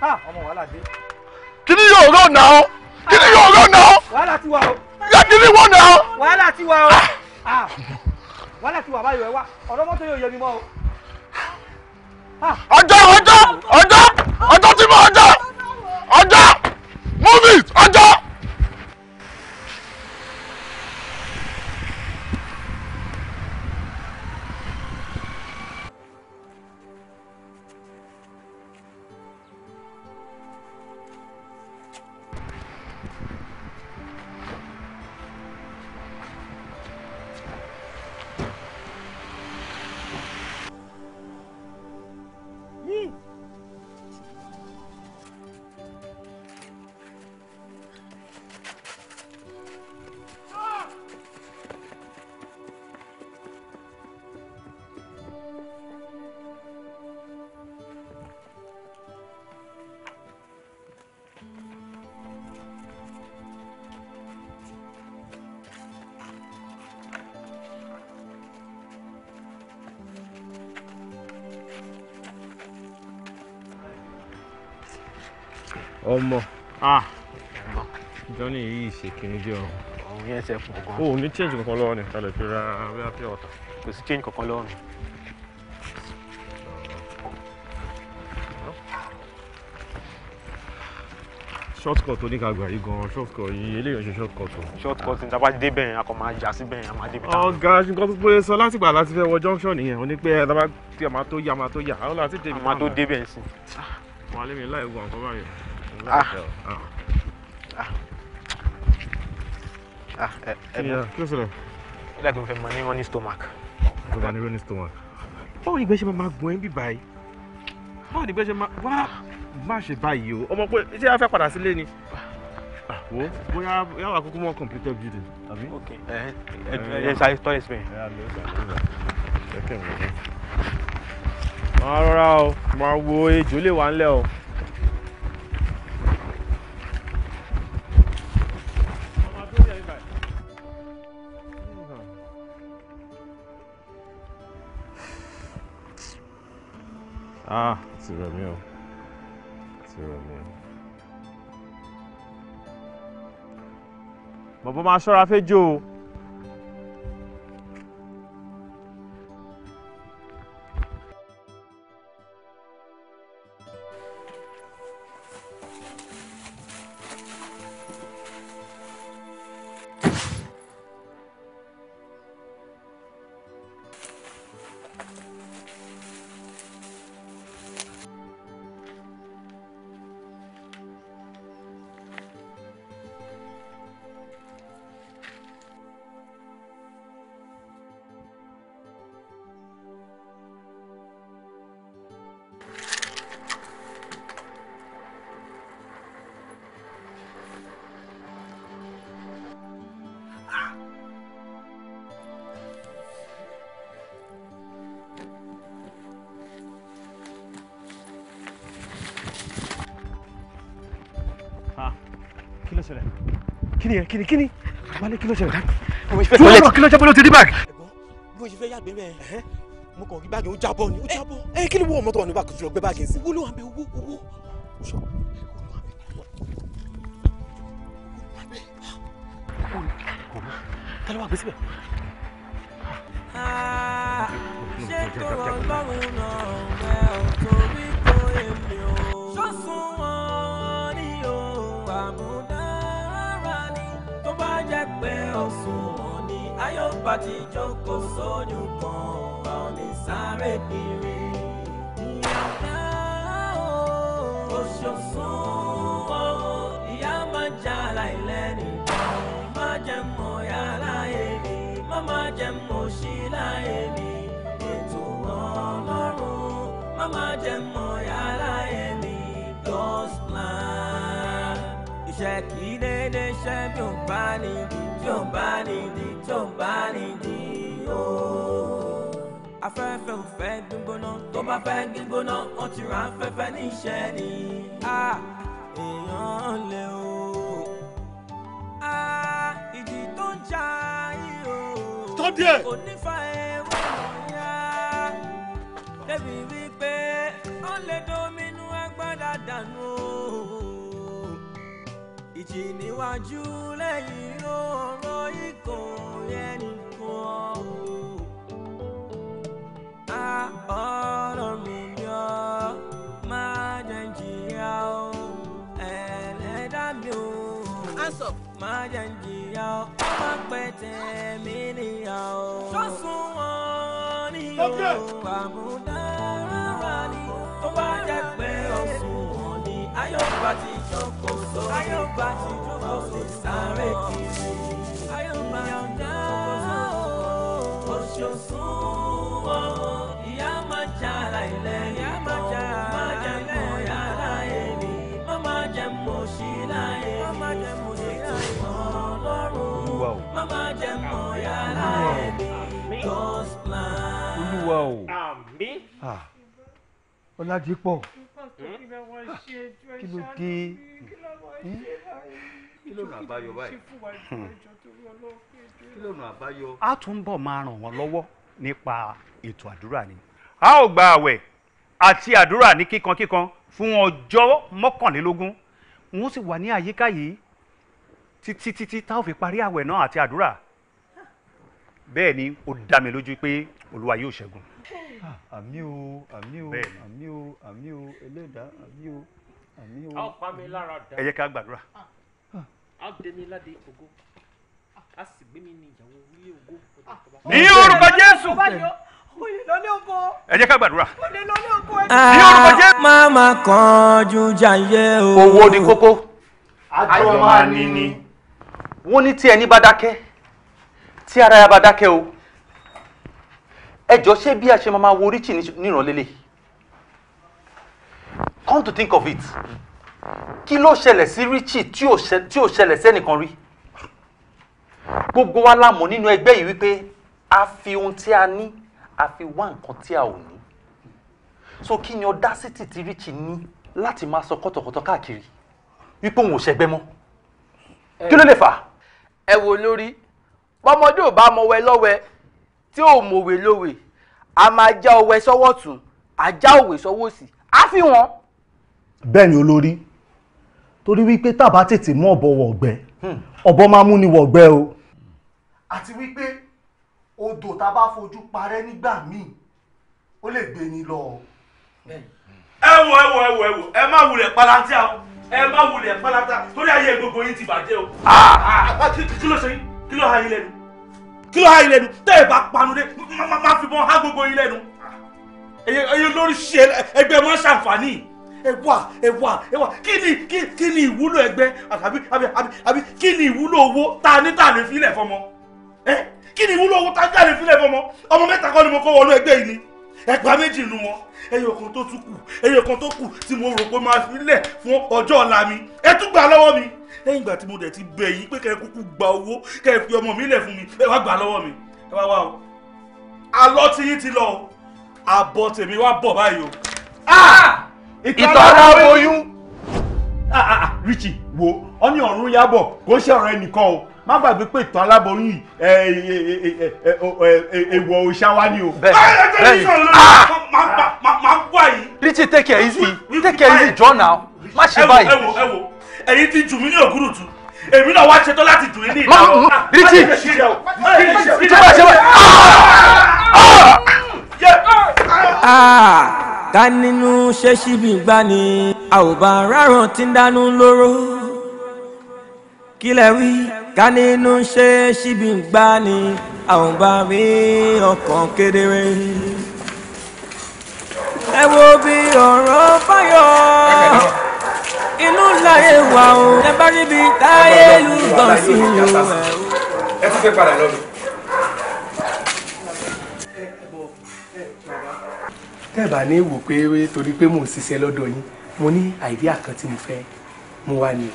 ha ọmọ wàhálà dé. kí ni yóò rọ náà kí ni yóò rọ náà. wàhálà ti wà o. yẹ kí ni wọ́n náà. wàhálà ti wà o. Ah! Ah! wàhálà ti wà báyọ̀ ẹ wá ọ̀dọ́ mọ́tò yóò yẹ mi mọ́ o. ọjọ́ ọjọ́ ọjọ́. lọ́nà yìí ṣe kìíní jẹ́ ọ̀run. òun yẹn ṣe pọ̀ gan. o ní change kankan lọ́wọ́ ni tàlẹ̀ fi ra bíi apia ọ̀tà. kò sí change kankan lọ́wọ́ mi. shortcut tó ní ká gbà yìí gan shortcut yìí eléyìí ṣe shortcut o. shortcut ní tábà dé bẹ́ẹ̀ a máa jà sí bẹ́ẹ̀ a máa débi táwọn. ọ̀gá nǹkan tó péye sọ láti gbà láti fẹ́ wọ junction nìyẹn o ní pé ẹ tábà tí a máa tó yà a máa tó yà a ó láti débi táwọn. a máa tó débẹ̀ sí. Ah, wàá lé mi láì wọ àkọ́bá yẹn. Ah. Ah. Ah, ẹ ẹ bọ. Kí ló ṣẹlẹ̀? Ó dàgbé mo fẹ́ mọ ní wọ́n ní stomach. Mo fẹ́ ní wọ́n ní stomach. Báwo ni gbẹ́sẹ̀ máa gun ẹ́ bí báyìí? Báwo ni gbẹ́sẹ̀ máa wá má ṣe báyìí o? Ọmọ pé ṣé a fẹ́ padà sílé ni? Wo bóyá yà wà kúkú mọ́ completed building. Àbí? Ok ẹ ẹ ẹ ṣe tọ́ ẹ̀sìn. Máa rọra o, máa wo ejò lè wà ńlẹ̀ o. bọ̀ máa ṣọ́ra fẹ́jọ́ o. nìyẹn kíni kíni àbálẹ kí ló ṣe rẹ tí wọn lọ kí ló jábọ ló ti rí báàgì. ẹ̀gbọ́n bí ṣe fẹ́ yàgbé mẹ mo kàn rí báàgì ó jábọ́ ni ó ẹ kí wọ́n mọ́tò wà nígbà tó lọ gbé báàgì sí. wúlò àmì owó owó. tẹ́lẹ̀ wà gbé síbẹ̀. Ah, ṣé tó rọ̀ lọ́rùn náà. pẹ́ òṣùwọ̀n ni ayọ́pá ti jókòó sódùn kan àwọn ní sáré kiri. ìyàwó oṣooṣùn ọ̀ ìyá máa jà láìlẹ́nu kan má jẹ́ mọ̀ yá láyé mi má má jẹ́ mọ̀ sí láyé mi ètò Ọlọ́run má má jẹ́ mọ̀. iṣẹ́ kì í déédéé ṣẹ́ bí ò bá nídìí tí ò bá nídìí tí ò bá nídìí o. afẹ́fẹ́ ò fẹ́ gbígbóná tó bá fẹ́ gbígbóná wọ́n ti ra afẹ́fẹ́ ní iṣẹ́ ni. èèyàn lè o. a tó ń jà yìí o. tó díẹ̀. kò ní fa ewé ìyá débi wípé ó lè dominú agbádá dànù o ìjì níwájú lẹ́yìn oró ikùn ẹni kan o ọ̀rọ̀ mi yọ máa jẹ jìyà ẹlẹ́dà mi o máa jẹ jìyà ọmọ pẹ̀tẹ́ mi nìyà o sọ́sùn wọn ni o ó bá jẹ pé ọ̀sùn ayọ̀gbà ti jókòó sórí ayọ̀gbà ti jókòó sórí sáré kiri ayọ̀gbà yọ̀ǹda òṣòṣùwọ̀n ìyá máa jara ilẹ̀ ìyá máa jara ilẹ̀ yàrá èmi má máa jẹ mọ̀ sí láyé má máa jẹ mọ̀ sí láyé ọlọ́run má máa jẹ mọ̀ yàrá èmi just plan. olúwa o. àmín. ọ̀làdìpọ̀. Ah kí ló dé kí ló nà àbáyọ báyìí a tún bọ̀ máa ràn wọ́n lọ́wọ́ nípa ètò àdúrà ni a ó gba àwẹ̀ àti àdúrà ní kíkankíkan fún ọjọ́ mọ́kànlélógún wọ́n sì wà ní àyíká yìí títí títí tá ò fi parí àwẹ̀ náà àti àdúrà bẹ́ẹ̀ ni ó dá mi lójú pé olúwa yóò ṣẹ́gun. Ah, àmì o àmì o àmì o àmì o ẹlẹ́dàá àmì o àmì o. a ó pa mi lára dá. ẹ yẹ ká gbàdúrà. a ó dé ládé ògo a sì gbé mi ní ìyàwó orílẹ̀ ògo. ní orúkọ Jésù ẹ jẹ́ ká gbàdúrà. ní orúkọ Jésù. Ah, máa ma kàn ju jàyẹ o. owó ni kókó ayọ̀ máa ní ni. wọ́n ní tí ẹni bá dákẹ́ tí ara ya bá dákẹ́ o ẹ jọ ṣé bí a ṣe máa wo Richie nírànlélẹ̀ come to think of it kí ló ṣẹlẹ̀ sí Richie tí ò ṣẹlẹ̀ sẹ́nìkan rí gbogbo wa la mọ̀ nínú ẹgbẹ́ yìí wípé a fi ohun tí a ní a fi wá nǹkan tí a ò ní so kí ni ọdásítì tí Richie ní láti máa sọ kọ́tọ̀kọ́tọ̀ káàkiri wípé òun ò ṣẹgbẹ́ mọ́ kí ló lè fà ẹ wo lórí ọmọdé ò bá mọwẹ lọwẹ tí ò mọwé lówe a máa já ọwẹ́ sọ́wọ́ tún a já òwe sọ́wọ́ sí a fi wọn. bẹ́ẹ̀ ni olórí torí wípé tàbá tètè mú ọ̀bọ wọ̀gbẹ́ hmm. ọ̀bọ máa mú ni wọ̀gbẹ́ o. àti wípé odò tá a bá fojú parẹ́ nígbà míì ó lè gbé ni lọ. ẹ wo ẹ wo ẹ wo ẹ wo ẹ má wulẹ̀ palantia o ẹ má wulẹ̀ palanta torí ayé gbogbo yín ti bàjẹ́ o. Ah! Ah! kí ló ṣe kí ló ha yín lẹ́nu kí ló há ilẹ̀ nu tẹ́ ẹ bá panu dé má fi bọ́n há gbogbo ilẹ̀ nu ẹyẹ lórí ṣe ẹgbẹ́ mọ́ ṣàǹfààní ẹ wà ẹ wà ẹ wà kí ni kí ni ìwúlò ẹgbẹ́ àbí àbí àbí kí ni ìwúlò owó tá a ní tà lè filẹ̀ fọmọ ẹ kí ni ìwúlò owó tá a ní tà lè filẹ̀ fọmọ ọmọ mẹ́ta kọ́ ni mo kọ́ wọnú ẹgbẹ́ yìí ni ẹgbà méjì nu wọn ẹyọ kan tó tún kù ẹyọ kan tó kù tí mo rò pé máa fi lẹ̀ fún ọjọ́ ọ̀la mi ẹ tún gbà lọ́wọ́ mi lẹ́yìn ìgbà tí mo dẹ̀ ti bẹ̀ yín pé kẹ́ẹ̀ kúkú gba owó kẹ́ẹ̀ fi ọmọ mi lẹ̀ fún mi ẹ wá gbà lọ́wọ́ mi ẹ wá wá o àlọ́ tí yín ti lọ o àbọ̀ tèmi wá bọ̀ báyìí o. ìtọ́lá oyún. Richie wo ọ ní ọ̀run yábọ̀ kò ṣe ọ̀rọ̀ ẹnìkan o má gbàgbé pé ìtàn aláboyún èèwọ̀ òòṣà wa ni o. bẹ́ẹ̀ bẹ́ẹ̀ máa gbà yìí. Richie take care, easy take care, easy John now má ṣe báyìí. ẹ wo ẹ wo ẹ̀yin ti jù mí ní òkúrùtù èmi náà wá ṣetán láti dùn ní ìlà wọn. rìtì ìjọba ìjọba. ká nínú ṣe síbi gbá ni a ò bá rárán tí ń dánú lóró kílẹ̀ wí ká ṣe síbi gbá ni a ò bá rí ọkàn kedere ẹ wo bí ọ̀rọ̀ báyọ̀ inú láyé wà o ẹ bá níbi táyé lù gbọ̀n sí i o. ẹ tún fẹ́ padà lọ́dún. tẹ́ẹ̀bà ní wò pé torí pé mò ń ṣiṣẹ́ lọ́dọ̀ yín mo ní àìdíà kan tí mo fẹ́ mú wá ni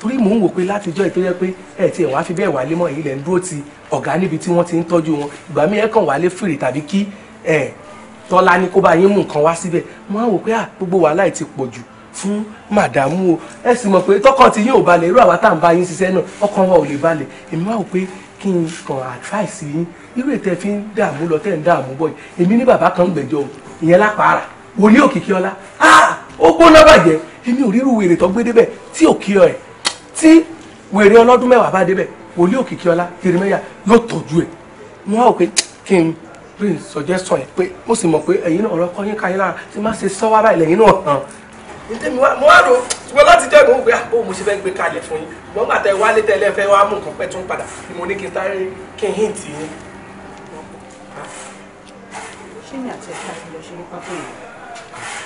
torí mò ń wò pé látijọ́ ìtó jẹ́ pé ẹ̀ tí ẹ̀ wá fi bẹ́ẹ̀ wálé mọ́ èyí lẹ̀ dúró ti ọ̀gá níbi tí wọ́n ti ń tọ́jú wọn ìgbà mi ẹ̀ kàn wálé fèrè tàbí kí tọ́lá ní kó bá yín mú nǹkan wá síbẹ̀ mo á wò pé gbogbo wàhálà ẹ̀ ti pọ̀ jù fún màdàmú o ẹ sì mọ̀ pé tọkàn tí yín ò balẹ̀ irú àwa tá à ń bá yín ṣiṣẹ́ náà ọkàn wa ò lè balẹ̀ èmi wá wò pé kí n kàn advice yín irú ètò ẹ fi ń dààmú lọ tẹ́ ń dààmú bọ̀ yìí èmi ní bàbá kan gbẹ̀jọ o ìyẹn lápára wòlíì òkìkí ọlá ó gbóná bàjẹ́ èmi ò ríru wèrè tó gbé débẹ̀ tí òkì ọ ẹ̀ tí wèrè ọlọ́dún mẹ́wàá bá débẹ̀ wòlíì òkìkí ọlá Jeremaya yóò tọ́jú ẹ̀ wọ́n wò pé kí n bring suggestion ẹ̀ pé mo sì mọ̀ pé ẹ̀yin náà ọ̀rọ̀ kọ́ yín káyín lára tí má ṣe sọ́wọ́ báyìí ntẹ́mi wá mo wá lò ṣùgbọ́n láti jẹ́ ìmọ̀ ògbéyà ah, bó mo ṣe fẹ́ gbé kalẹ̀ fún yín ṣùgbọ́n gbàtẹ́ wálé tẹ́lẹ̀ fẹ́ wá mú nǹkan pẹ́ tún padà ni mo ní kí n sáré kí n hint yín. ṣé mi àti ẹ̀ka ti lọ ṣe ní pápá yìí?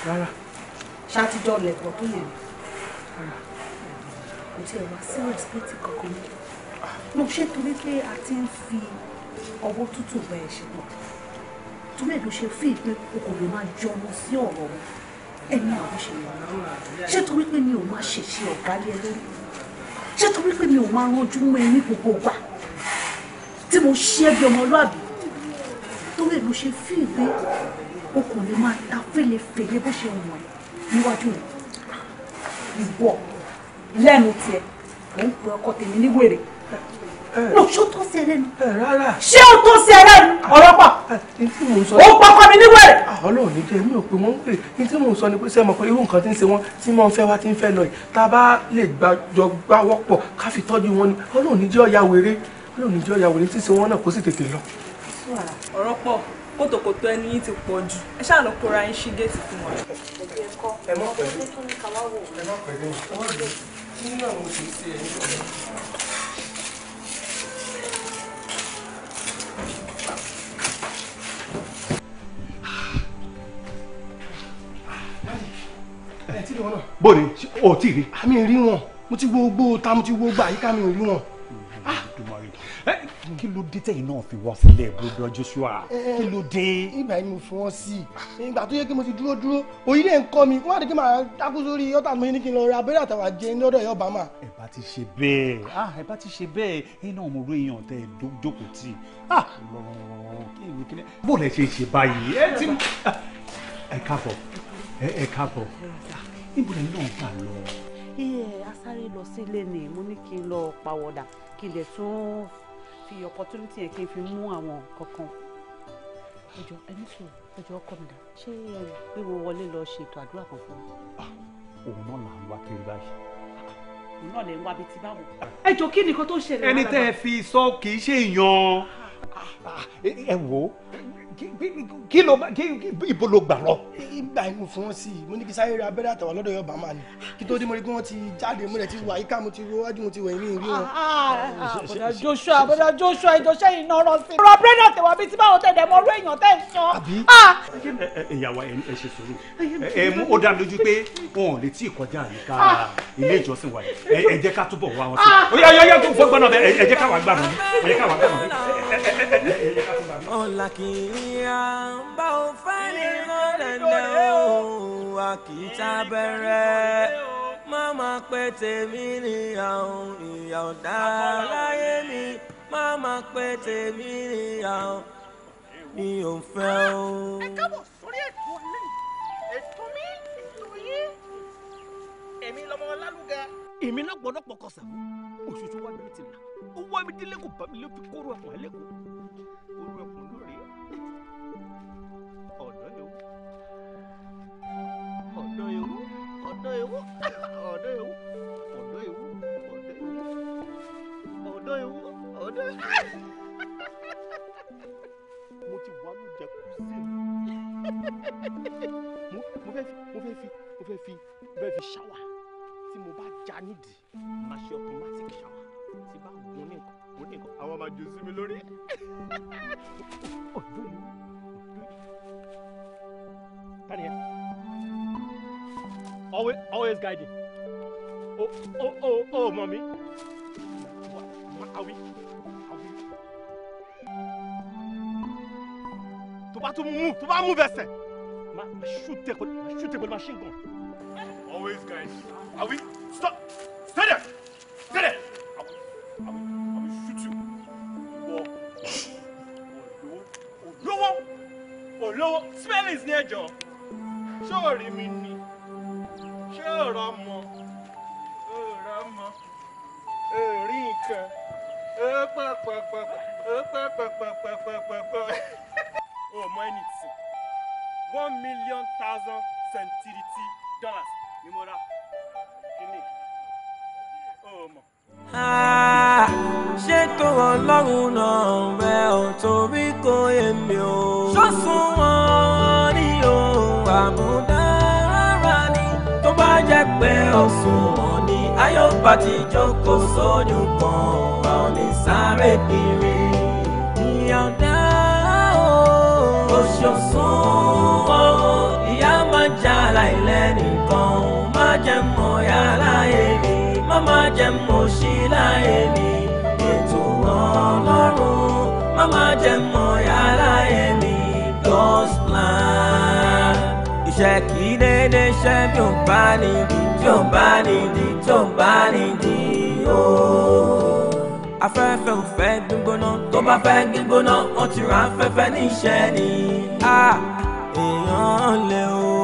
rárá. ṣáàtìjọ́ lẹ̀kọ́ tó yẹ kò tiẹ̀ wá sí rẹ̀spẹ̀tì kankan mi mo ṣe torí pé a ti ń fi ọwọ́ tútù bá ẹ̀ ṣe pọ̀ tó mẹ́ẹ̀ ló ṣe fíì pé o kò lè máa jọmọ sí ọ̀rọ̀ wọn ẹ̀mí àwọn ṣe lè ṣé torí pé mi ò máa ṣèṣe ọ̀gá lé lórí ṣé torí pé mi ò máa ranjú mọ́ ẹ gbogbo gbà tí mo ṣe é ọmọlúàbí torí èlò ṣe fi ìwé o máa ta fèlèfèlè bó ṣe wọ̀n ẹ́ níwájú rẹ̀ ìwọ lẹ́nu tiẹ̀ ò ń pè ọkọ tèmi níwèrè no ṣé ó tó sí ẹlẹ́nu. rárá. ṣé ó tó sí ẹlẹ́nu ọ̀rọ̀ pọ̀. etí mò ń sọ. ó pọkọ mi níwèrè. Ah, ọlọ́run ní jẹ́ mi ò pé wọ́n ń pè ní tí mò ń sọ ni pé sẹ́ pé irú nǹkan tí ń ṣe wọ́n tí mò ń fẹ́ wá tí ń fẹ́ lọ yìí tá a bá lè gbàjọ gbáwọ́ pọ̀ ká fi tọ́jú wọn ni ọlọ́run ní jẹ́ ọ̀yà wèrè ọlọ́run ní jẹ́ ọ̀yà wèrè tí ń ṣe wọ́n náà kó sì tètè lọ. ọ̀rọ̀ pọ̀ ẹni yín ti pọ̀ jù ẹ ṣáà lọ kóra yín sí géètì fún wọn. ẹ má pẹ̀lú ẹ má pẹ̀lú ọ̀rọ̀ ẹ tí ì rí wọn náà. bóde o tí ì rí. àmì ah, rí wọn mo ti wo gbó ta mo ti wo gbà yíká mi rí wọn. Ah! kí ló dé tẹ̀yìn náà fi wá sílẹ̀ gbogbo Joshua eh, eh, kí ló dé. ìgbà yìí mo fi wọn sí i ìgbà tó yẹ kí mo ti dúró dúró òyìn lè ń kọ́ mi wọ́n á di kí màá dákú sórí ọ̀tà mi ní kí n lọ ra abẹ́rẹ́ àtàwà jẹ ní ọ̀dọ̀ yọba mà. ẹ bá ti ṣe bẹ́ẹ̀ ah, ẹ bá ti ṣe bẹ́ẹ̀ ẹ náà mo rú èèyàn tẹ ẹ jókòó tì í bó lẹ ṣe ṣe báyìí ẹ ti ẹ káàbọ̀ ẹ káàbọ̀ níbo lẹ́yìn náà gbà lọ. iye asáré lọ sílé ni mo ní kí n lọ pàwọ̀dà kí n lè tún fi opportunity yẹn kí n fi mú àwọn kankan. ẹjọ ẹni sùn ẹjọ ọkọ mi dà ṣé ẹ gbé wọn wọlé lọ ṣètò àdúrà kan fún mi. Ah, òun náà là ń wá kiri báyìí ah, òun náà lè ń wá bíi ti báwo. ẹ jọ kí nìkan tó ṣẹlẹ̀. ẹni tẹ́ ẹ fi sọ kì í ṣe èèyàn. Ah, ẹ wò ó kí ló ibo ló gbà lọ. ìgbà yìí fún wọn sí i mo ní kí sáré abẹ́rẹ́ àtàwọn lọ́dọ̀ yọba máa ní kí tó dé mo rí pé wọ́n ti jáde mo rẹ̀ ti wà yíká mo ti wo wájú mo ti wẹ̀ mí rí wọn. àbọ̀dà Joshua àbọ̀dà Joshua ìjọsẹ́ yìí náà rọ sí. ọ̀rọ̀ abẹ́rẹ́ náà tẹ̀wá bíi tí báwo tẹ̀dẹ̀ mọ orú èèyàn tẹ̀ ń sọ. ìyàwó ẹ ṣe sùúrù ẹ mú ó dá lójú pé wọn ò lè tí ì kọjá àyíká ilé ìjọsìn wa yìí ينبع فلغلنا وكتابنا má má pé tèmi níyàwó ìyà ọ̀dà láyé mi má má pé tèmi níyàwó mi ò fẹ́ o. ẹ káàbọ̀ sórí ètò èmi lọmọ lálùgà. èmi náà gbọ́dọ̀ pọ̀ kọsà òṣùṣù ti là ó wá mi délé kò bá lé fi kóró ẹ̀fọn ẹlẹ́kọ̀ọ́ kóró ẹ̀fọn Odeu, Odeu, Odeu, Odeu, Odeu, Odeu. Mo ti wà ní jacuzzi. Mo fẹ́ fi, mo fẹ́ fi, mo fẹ́ fi, mo fẹ́ fi ṣáwà. Tí mo bá já nídìí, màá ṣe automatic ṣáwà. Tí bá gun ní nǹkan, gun ní nǹkan, àwọn máa jò sí mi lórí. Odeu, Odeu. Tani yẹn always always guiding. Oh oh oh oh, mommy. What, what are we? Are we? To bá tún mú tó bá mú bẹsẹ̀. Ma ma shoot ẹ pẹ̀lú ma shoot ẹ pẹ̀lú machine gun. Always guiding. Are we? Stop! Stay there! Stay there! I will, I will, Are we shoot you? Wọ olówó olówó olówó smell is near jọ. Sorry, o ṣiṣẹ́ bí ò bá ní di tí ò bá ní di tí ò bá ní di o. afẹ́fẹ́ ò fẹ́ gbígbóná tó bá fẹ́ gbígbóná wọ́n ti ra afẹ́fẹ́ níṣẹ́ ni. a èèyàn lè o.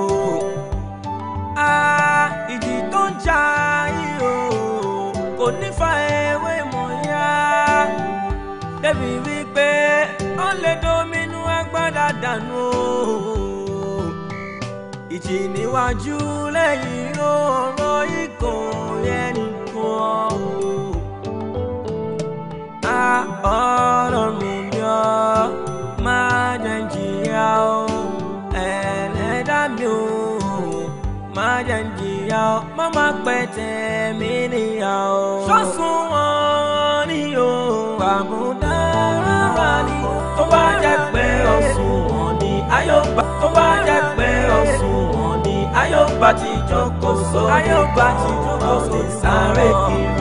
a ìjì tó ń jà yìí o kò ní fa ewé mọ̀ yá débi rí. méjì níwájú lẹ́yìn ọ̀rọ̀ ikùn ẹnìkan a ọ̀rọ̀ mi yọ máa jẹ́ jìyà o ẹlẹ́dà mi ò máa jẹ́ jìyà o má má pẹ̀tẹ́ mi níyà o. sọ́sùn wọn ni o àbúdá rárá ni tó bá jẹ́ pé ọ̀sùn wọn ni ayọ̀ bá tó bá jẹ́ pé ayọ̀gbà tí jókòó sóde ayọ̀gbà tí jókòó sóde sáré kiri.